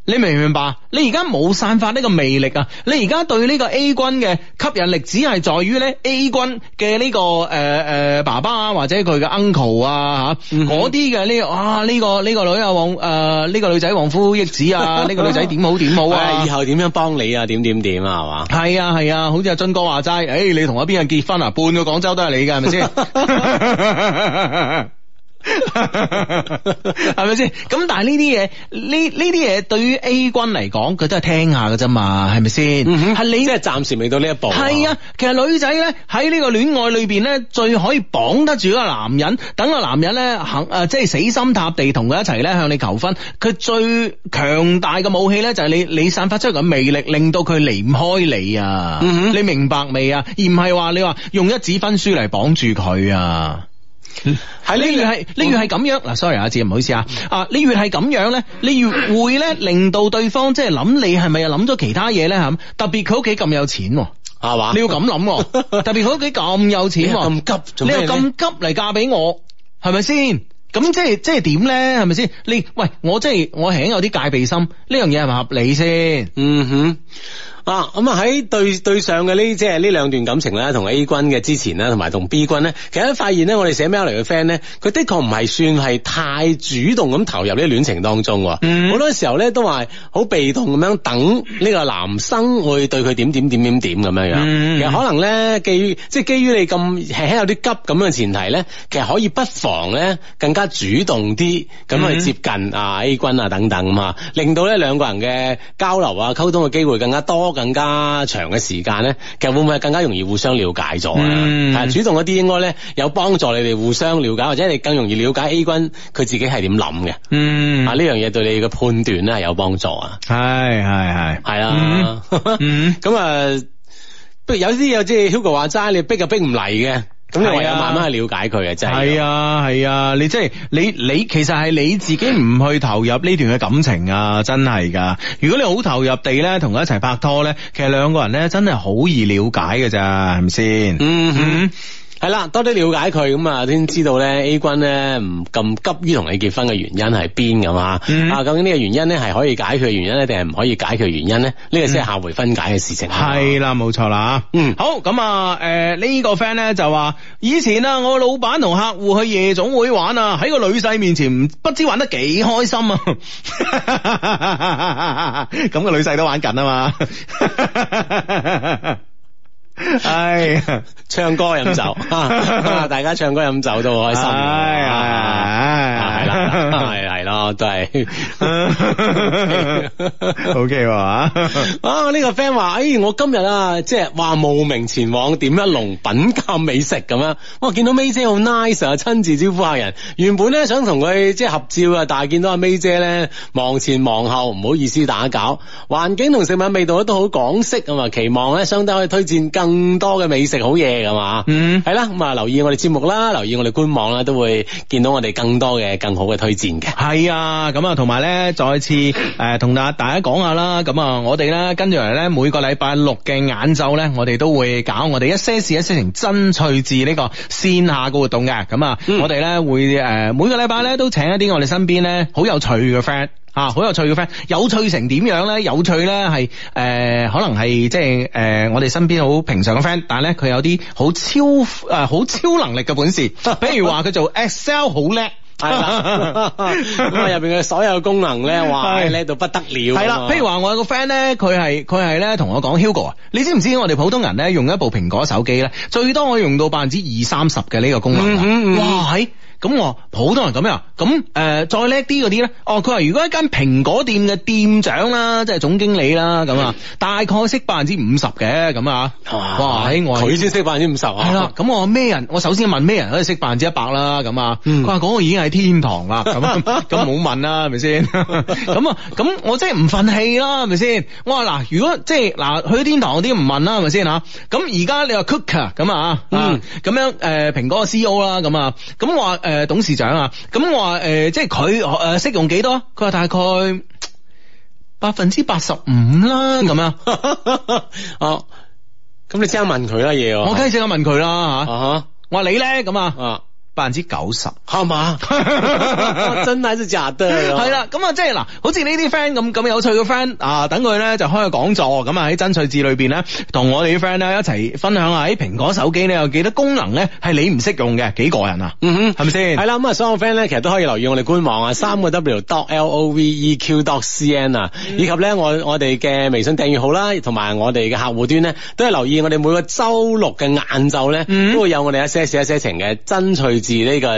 你明唔明白？你而家冇散發呢個魅力啊！你而家對呢個 A 君嘅吸引力只係在於咧，A 君嘅呢、這個誒誒、呃呃、爸爸、啊、或者佢嘅 uncle 啊吓，嗰啲嘅呢？啊呢、嗯哼啊這個呢、這個女啊王誒呢個女仔旺夫益子啊，呢 個女仔點好點好啊？哎、以後點樣幫你啊？點點點係嘛？係啊係啊，啊，好似阿俊哥話齋，誒、哎、你同我邊人結婚啊？半個廣州都係你嘅，係咪先？是 係咪先？咁但係呢啲嘢，呢呢啲嘢對於 A 君嚟講，佢都係聽下噶啫嘛，係咪先？係你即係暫時未到呢一步。係啊，其實女仔咧喺呢個戀愛裏邊咧，最可以綁得住一個男人，等個男人咧肯誒，即係死心塌地同佢一齊咧向你求婚。佢最強大嘅武器咧，就係你你散發出嚟嘅魅力，令到佢離唔開你啊！嗯、哼你明白未啊？而唔係話你話用一紙婚書嚟綁住佢啊！係你越係你越係咁樣嗱、嗯，sorry 阿志唔好意思啊。啊、嗯，你越係咁樣咧，你越會咧 令到對方即係諗你係咪又諗咗其他嘢咧？吓，特別佢屋企咁有錢係嘛？你要咁諗，特別佢屋企咁有錢咁急，你又咁急嚟嫁俾我，係咪先？咁即係即係點咧？係咪先？你喂我即係我梗係有啲戒備心，呢樣嘢係咪合理先？嗯哼。啊，咁啊喺對對上嘅呢即係呢兩段感情咧，同 A 君嘅之前咧，同埋同 B 君咧，其實都發現咧，我哋寫 mail 嚟嘅 friend 咧，佢的確唔係算係太主動咁投入呢啲戀情當中，好多時候咧都話好被動咁樣等呢個男生會對佢點點點點點咁樣樣。其實可能咧基於即係基於你咁輕輕有啲急咁嘅前提咧，其實可以不妨咧更加主動啲咁去接近啊 A 君啊等等咁嘛，令到咧兩個人嘅交流啊溝通嘅機會更加多。更加長嘅時間咧，其實會唔會更加容易互相了解咗啊、嗯？主動一啲應該咧有幫助你哋互相了解，或者你更容易了解 A 君佢自己係點諗嘅。嗯，啊呢樣嘢對你嘅判斷咧係有幫助啊。係係係係啊。咁啊，譬如有啲有啲嘢即係 Hugo 話齋，你逼就逼唔嚟嘅。咁你唯有慢慢去了解佢嘅啫，係啊，係啊，你即係你你，其實係你自己唔去投入呢段嘅感情啊，真係噶。如果你好投入地咧同佢一齊拍拖咧，其實兩個人咧真係好易了解嘅咋，係咪先？嗯嗯。係啦，多啲了解佢咁啊，先知道咧 A 君咧唔咁急於同你結婚嘅原因係邊咁啊？嗯、哼啊，究竟呢個原因咧係可以解決嘅原因咧，定係唔可以解決嘅原因咧？呢、這個先係下回分解嘅事情。係、嗯、吧啦，冇錯啦。嗯，好咁啊，誒、呃、呢、這個 friend 咧就話以前啊，我嘅老闆同客戶去夜總會玩啊，喺個女婿面前唔不知玩得幾開心啊！咁 個女婿都玩緊啊嘛！ 唉，哎、 唱歌飲酒， 大家唱歌飲酒都好開心。係係咯，都係。O K 嘛？啊，呢、okay. 這個 friend 話，誒、哎，我今日啊，即係話慕名前往點一籠，品鑒美食咁樣 ические,。我、哦、見到 May 姐好 nice 啊，親自招呼客人。原本咧想同佢即係合照啊，但係見到阿 May 姐咧忙前忙後，唔好意思打攪。環境同食物味道咧都好港式啊嘛，期望咧相當可以推薦更多嘅美食好嘢，係嘛？嗯，係啦，咁啊留意我哋節目啦，留意我哋官網啦，都會見到我哋更多嘅更好嘅。推薦嘅係啊，咁啊，同埋咧，再次誒同大大家講下啦。咁啊，我哋咧跟住嚟咧，每個禮拜六嘅晏晝咧，我哋都會搞我哋一些事一些情真趣至呢個線下嘅活動嘅。咁啊，我哋咧會誒、呃、每個禮拜咧都請一啲我哋身邊咧好有趣嘅 friend 啊，好有趣嘅 friend 有趣成點樣咧？有趣咧係誒，可能係即係誒我哋身邊好平常嘅 friend，但係咧佢有啲好超誒好、呃、超能力嘅本事，比如話佢做 Excel 好叻。係啦，咁啊入邊嘅所有功能咧，哇叻的到不得了。係啦，譬如話我有個 friend 咧，佢係佢係咧同我講，Hugo 啊，你知唔知我哋普通人咧用一部蘋果手機咧，最多可以用到百分之二三十嘅呢個功能，嗯、哇咁我好多人咁樣，咁誒再叻啲嗰啲咧，哦佢話如果一間蘋果店嘅店長啦，即係總經理啦，咁啊大概識百分之五十嘅咁啊，哇喺外佢先識百分之五十啊，係啦，咁我咩人？我首先問咩人可以識百分之一百啦？咁啊，佢話嗰個已經係天堂啦，咁啊咁冇問啦，係咪先？咁啊咁我真係唔忿氣啦，係咪先？我話嗱，如果即係嗱去天堂嗰啲唔問啦，係咪先吓？咁而家你話 Cooker 咁啊啊，咁樣誒蘋果嘅 CEO 啦咁啊，咁我話。誒、呃，董事長啊，咁、嗯、我話誒、呃，即係佢誒，適、呃、用幾多？佢話大概百分之八十五啦，咁樣、啊。 哦，咁你即刻問佢啦、啊，嘢 我，梗係即刻問佢啦，吓，我話你咧，咁啊啊。 百分之九十，係嘛？真係一扎都係。係啦，咁啊，即係嗱，好似呢啲 friend 咁咁有趣嘅 friend 啊，等佢咧就開個講座，咁啊喺真趣志裏邊咧，同我哋啲 friend 咧一齊分享下喺蘋果手機你有幾多功能咧係你唔識用嘅，幾個人啊？嗯哼，係咪先？係啦，咁啊所有 friend 咧，其實都可以留意我哋官網啊，三個 W dot L O V E Q dot C N 啊，以及咧我我哋嘅微信訂閱號啦，同埋我哋嘅客戶端咧，都係留意我哋每個週六嘅晏晝咧，都會有我哋一些事一些情嘅真趣。自呢個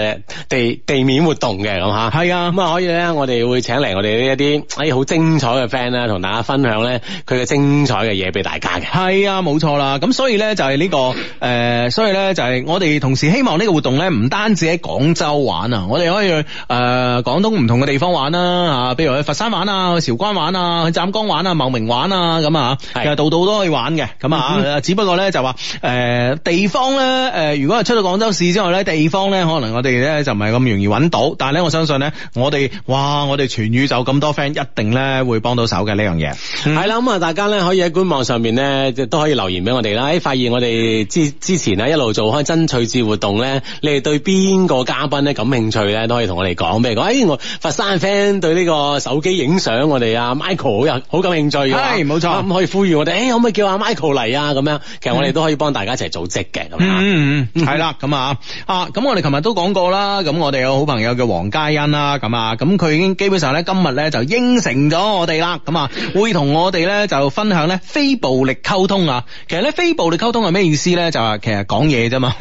地地面活動嘅咁吓係啊咁啊可以咧，我哋會請嚟我哋呢一啲誒好精彩嘅 friend 啦，同大家分享咧佢嘅精彩嘅嘢俾大家嘅。係啊，冇錯啦。咁所以咧就係、是、呢、這個誒、呃、所以咧就係、是、我哋同時希望呢個活動咧唔單止喺廣州玩啊，我哋可以去誒、呃、廣東唔同嘅地方玩啦啊，譬如去佛山玩啊，去韶關玩啊，去湛江玩啊，茂名玩啊，咁啊係啊，其實度度都可以玩嘅。咁啊，嗯、哼只不過咧就話誒地方咧，誒如果係出到廣州市之外咧，地方咧。可能我哋咧就唔係咁容易揾到，但係咧我相信咧，我哋哇，我哋全宇宙咁多 friend 一定咧會幫到手嘅呢樣嘢。係啦，咁啊，大家咧可以喺官網上面咧，都可以留言俾我哋啦。誒發現我哋之之前呢一路做開真趣志活動咧，你哋對邊個嘉賓咧、哎、感興趣咧，都可以同我哋講。譬如講，誒，我佛山 friend 對呢個手機影相，我哋啊 Michael 又好感興趣嘅，係冇錯。咁可以呼籲我哋，誒、哎，可唔可以叫阿 Michael 嚟啊？咁樣，其實我哋都可以幫大家一齊組織嘅，咁樣。嗯嗯，係啦，咁啊，啊，咁我哋。琴日都講過啦？咁我哋有好朋友叫黃嘉欣啦，咁啊，咁佢已經基本上咧，今日咧就應承咗我哋啦，咁啊，會同我哋咧就分享咧非暴力溝通啊。其實咧，非暴力溝通係咩意思咧？就話其實講嘢啫嘛，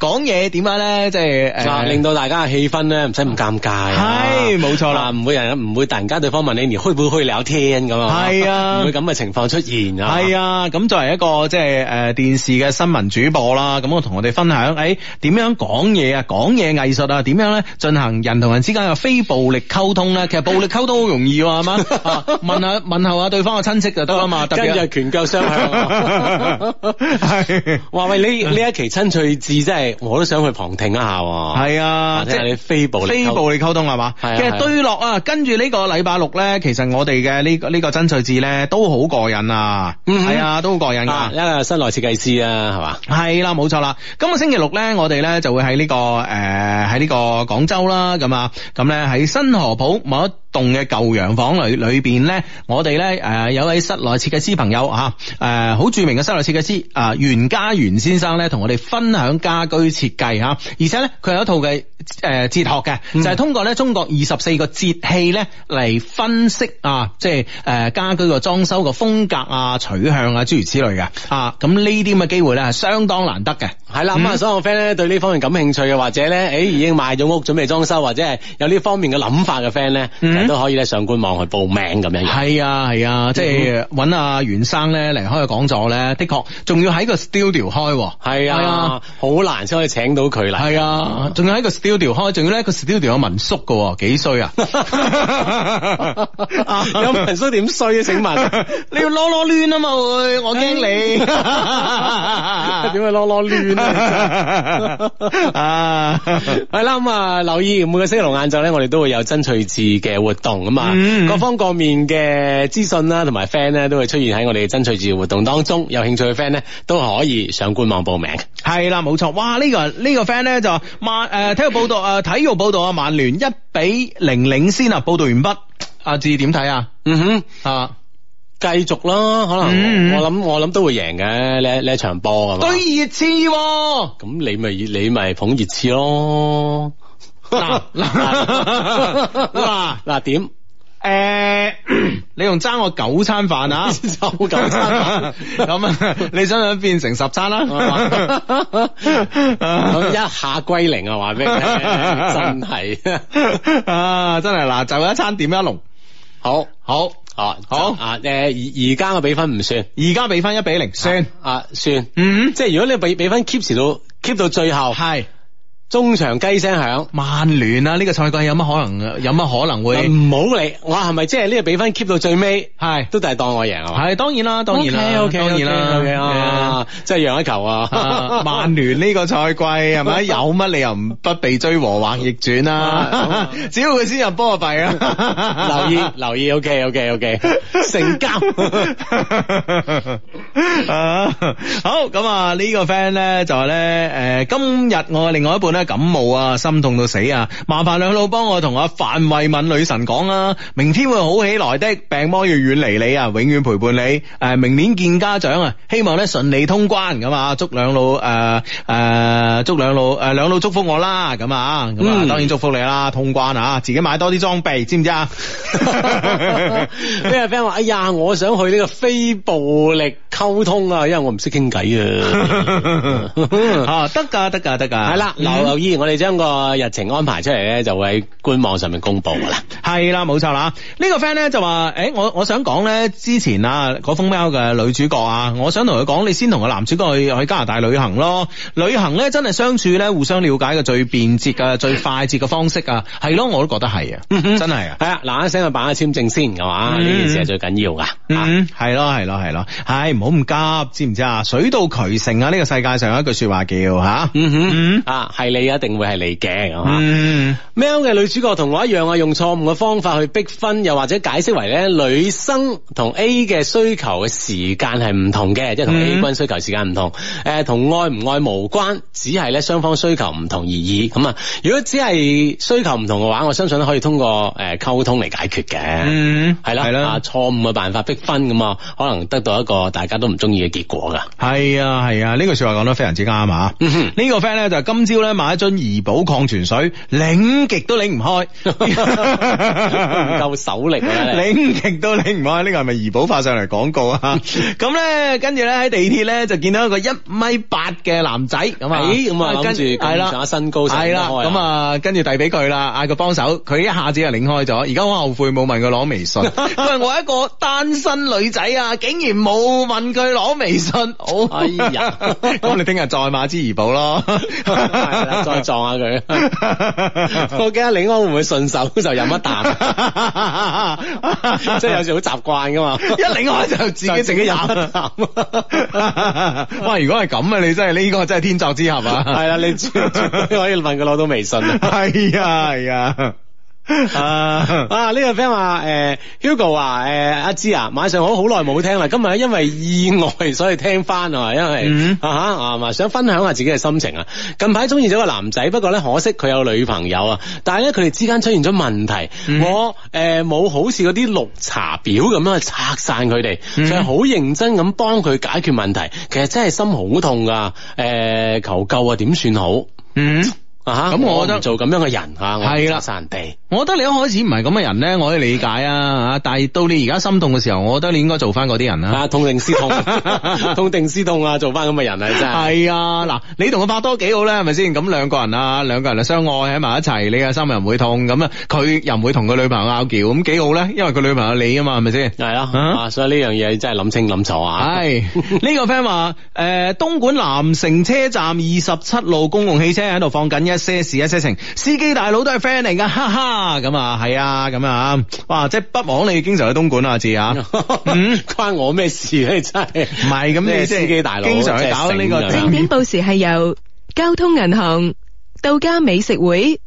講嘢點解咧？即係誒，令到大家嘅氣氛咧唔使咁尷尬。係，冇錯啦，唔會人唔會突然間對方問你而會唔會去聊天咁啊？係啊，唔會咁嘅情況出現啊。係啊，咁作為一個即係誒電視嘅新聞主播啦，咁我同我哋分享誒點樣講。講嘢啊，講嘢藝術啊，點樣咧進行人同人之間嘅非暴力溝通咧？其實暴力溝通好容易，係嘛？問下問候下對方嘅親戚就得喇嘛，特別係拳腳相向，係話喂，你呢一期親趣字真係我都想去旁聽一下，係啊，即係你非暴力，非暴力溝通係嘛？其實對落啊，跟住呢個禮拜六咧，其實我哋嘅呢個呢個親趣字咧都好過癮啊，係啊，都好過癮啊。一個室內設計師啊，係嘛？係啦，冇錯啦，今個星期六咧，我哋咧就會喺。喺呢個誒喺呢個廣州啦，咁啊，咁咧喺新河浦某一棟嘅舊洋房裏裏邊咧，我哋咧誒有位室內設計師朋友吓，誒好著名嘅室內設計師啊袁家元先生咧，同我哋分享家居設計吓，而且咧佢有一套嘅誒哲學嘅，就係通過咧中國二十四個節氣咧嚟分析啊，即係誒家居個裝修個風格啊取向啊諸如此類嘅啊，咁呢啲咁嘅機會咧係相當難得嘅，係啦咁啊，所有 friend 咧對呢方面感興趣嘅，或者咧誒已經買咗屋準備裝修或者係有呢方面嘅諗法嘅 friend 咧。都可以咧，上官網去報名咁樣。係啊，係啊，即係揾阿袁生咧嚟開個講座咧，的確仲要喺個 studio 開。係啊，好難先可以請到佢啦。係啊，仲要喺個 studio 開，仲要咧個 studio 有民宿噶，幾衰啊？有民宿點衰啊？請問你要囉囉攣啊嘛？會我驚你點解囉囉攣啊？啊，係啦，咁啊，留意、那個 e, 每個星期六晏晝咧，我哋都會有爭取智嘅活。活動啊嘛，各方各面嘅資訊啦，同埋 friend 咧都會出現喺我哋嘅爭取自由活動當中，有興趣嘅 friend 咧都可以上官網報名。係啦，冇錯。哇，呢個呢個 friend 咧就曼誒、呃、體育報道誒、呃、體育報道啊，曼聯一比零領先啊。報道完畢。阿志點睇啊？嗯哼啊，繼續咯。可能、嗯、哼我諗我諗都會贏嘅呢呢一場波啊嘛。對熱刺、哦，咁你咪你咪捧熱刺咯。嗱嗱，嗱嗱點？誒，你仲爭我九餐飯啊？九餐飯咁啊？你想唔想變成十餐啦？咁一下歸零啊？話畀你？真係啊，真係嗱，就一餐點一籠。好，好，好，好。誒，而而家嘅比分唔算，而家比分一比零算啊？算。嗯。即係如果你比比分 keep 住到 keep 到最後，係。中場雞聲響，曼聯啊，呢個賽季有乜可能？有乜可能會唔好理，我係咪即係呢個比分 keep 到最尾？係都係當我贏係，當然啦，當然啦，當然啦，OK OK OK，即係讓一球啊！曼聯呢個賽季係咪有乜理由唔不被追和或逆轉啊？只要佢先入波啊，弊啊！留意留意，OK OK OK，成交好咁啊，呢個 friend 咧就係咧，誒，今日我嘅另外一半。咧感冒啊，心痛到死啊！麻煩兩老幫我同阿范慧敏女神講啦，明天會好起來的，病魔要遠離你啊，永遠陪伴你。誒，明年見家長啊，希望咧順利通關咁啊！祝兩老誒誒，祝兩老誒，兩老祝福我啦！咁啊，咁啊，當然祝福你啦，通關啊，自己買多啲裝備，知唔知啊？咩 friend 話？哎呀，我想去呢個非暴力溝通啊，因為我唔識傾偈啊。哦，得噶，得噶，得噶，係啦，嗱。留意、 嗯，我哋將個日程安排出嚟咧，就會喺官網上面公布噶啦。係啦，冇錯啦。呢、這個 friend 咧就話，誒，我我想講咧，之前啊，嗰封 mail 嘅女主角啊，我想同佢講，你先同個男主角去去加拿大旅行咯。旅行咧真係相處咧，互相了解嘅最便捷嘅 最快捷嘅方式啊，係咯，我都覺得係啊，嗯嗯、真係啊，係啊，嗱一聲辦下簽證先，係嘛、嗯，呢件事係最緊要噶，係咯、嗯，係咯、嗯，係咯，係，唔好咁急，知唔知啊？水到渠成啊，呢、這個世界上有一句說話叫吓，啊，係、嗯。啊你 一定會係你嘅，吓。喵嘅、嗯、女主角同我一樣啊，用錯誤嘅方法去逼婚，又或者解釋為咧女生同 A 嘅需求嘅時間係唔同嘅，即係同 A 君需求時間唔同，同。誒、嗯，同愛唔愛無關，只係咧雙方需求唔同而已。咁啊，如果只係需求唔同嘅話，我相信都可以通過誒溝通嚟解決嘅。嗯，係啦係啦，錯誤嘅辦法逼婚咁啊，可能得到一個大家都唔中意嘅結果噶。係啊係啊，呢句、這個、說話講得非常之啱啊。呢、嗯、哼個 friend 咧就今朝咧。買樽怡寶礦泉水，擰極都擰唔開，唔夠手力，擰極都擰唔開。呢個係咪怡寶發上嚟廣告啊？咁咧，跟住咧喺地鐵咧就見到一個一米八嘅男仔，咁啊，咁啊諗住，係啦，身高，係啦，咁啊，跟住遞俾佢啦，嗌佢幫手，佢一下子就擰開咗。而家好後悔冇問佢攞微信，因為我一個單身女仔啊，竟然冇問佢攞微信。好，哎呀，咁你聽日再買支怡寶咯。再撞下佢， 我驚擰開會唔會順手就飲一啖，即係有時好習慣噶嘛， 一擰開就自己自己飲一啖。 哇，如果係咁啊，你真係呢個真係天作之合啊！係 啊， 你可以問佢攞到微信啊！係啊，係啊。啊啊！呢個 friend 話誒，Hugo 話，誒，阿芝啊，晚上我好耐冇聽啦，今日因為意外所以聽翻啊，因為啊哈啊想分享下自己嘅心情啊。近排中意咗個男仔，不過咧可惜佢有女朋友啊，但係咧佢哋之間出現咗問題，我誒冇好似嗰啲綠茶婊咁樣拆散佢哋，就係好認真咁幫佢解決問題。其實真係心好痛㗎，誒求救啊，點算好？嗯。啊我覺得做咁樣嘅人啊，係啦的，殺我，我覺得你一開始唔係咁嘅人咧，我可以理解啊，但係到你而家心痛嘅時候，我覺得你應該做翻嗰啲人啊，痛定思痛， 痛定思痛啊，做翻咁嘅人啊，真係。係啊，嗱，你同佢拍拖幾好咧，係咪先？咁兩個人啊，兩個人啊相愛喺埋一齊，你啊心又唔會痛，咁啊佢又唔會同佢女朋友拗撬，咁幾好咧？因為佢女朋友你啊嘛，係咪先？係啦的，啊，所以呢樣嘢真係諗清諗楚啊。係呢的 個 friend 話誒，東莞南城車站二十七路公共汽車喺度放緊一些事，一些情，司機大佬都係 friend 嚟噶，哈哈咁啊，係啊，咁啊，哇，即係不枉你經常去東莞啊，字啊，嗯，關我咩事咧？真係唔係咁嘅司機大佬，經常去搞呢個。正點報時係由交通銀行、道家美食會、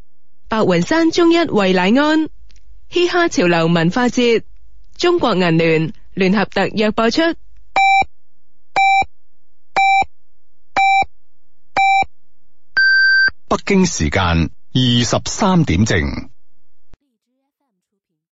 白雲山中一胃乃安、嘻哈潮流文化節、中國銀聯聯合特約播出。北京時間二十三點正。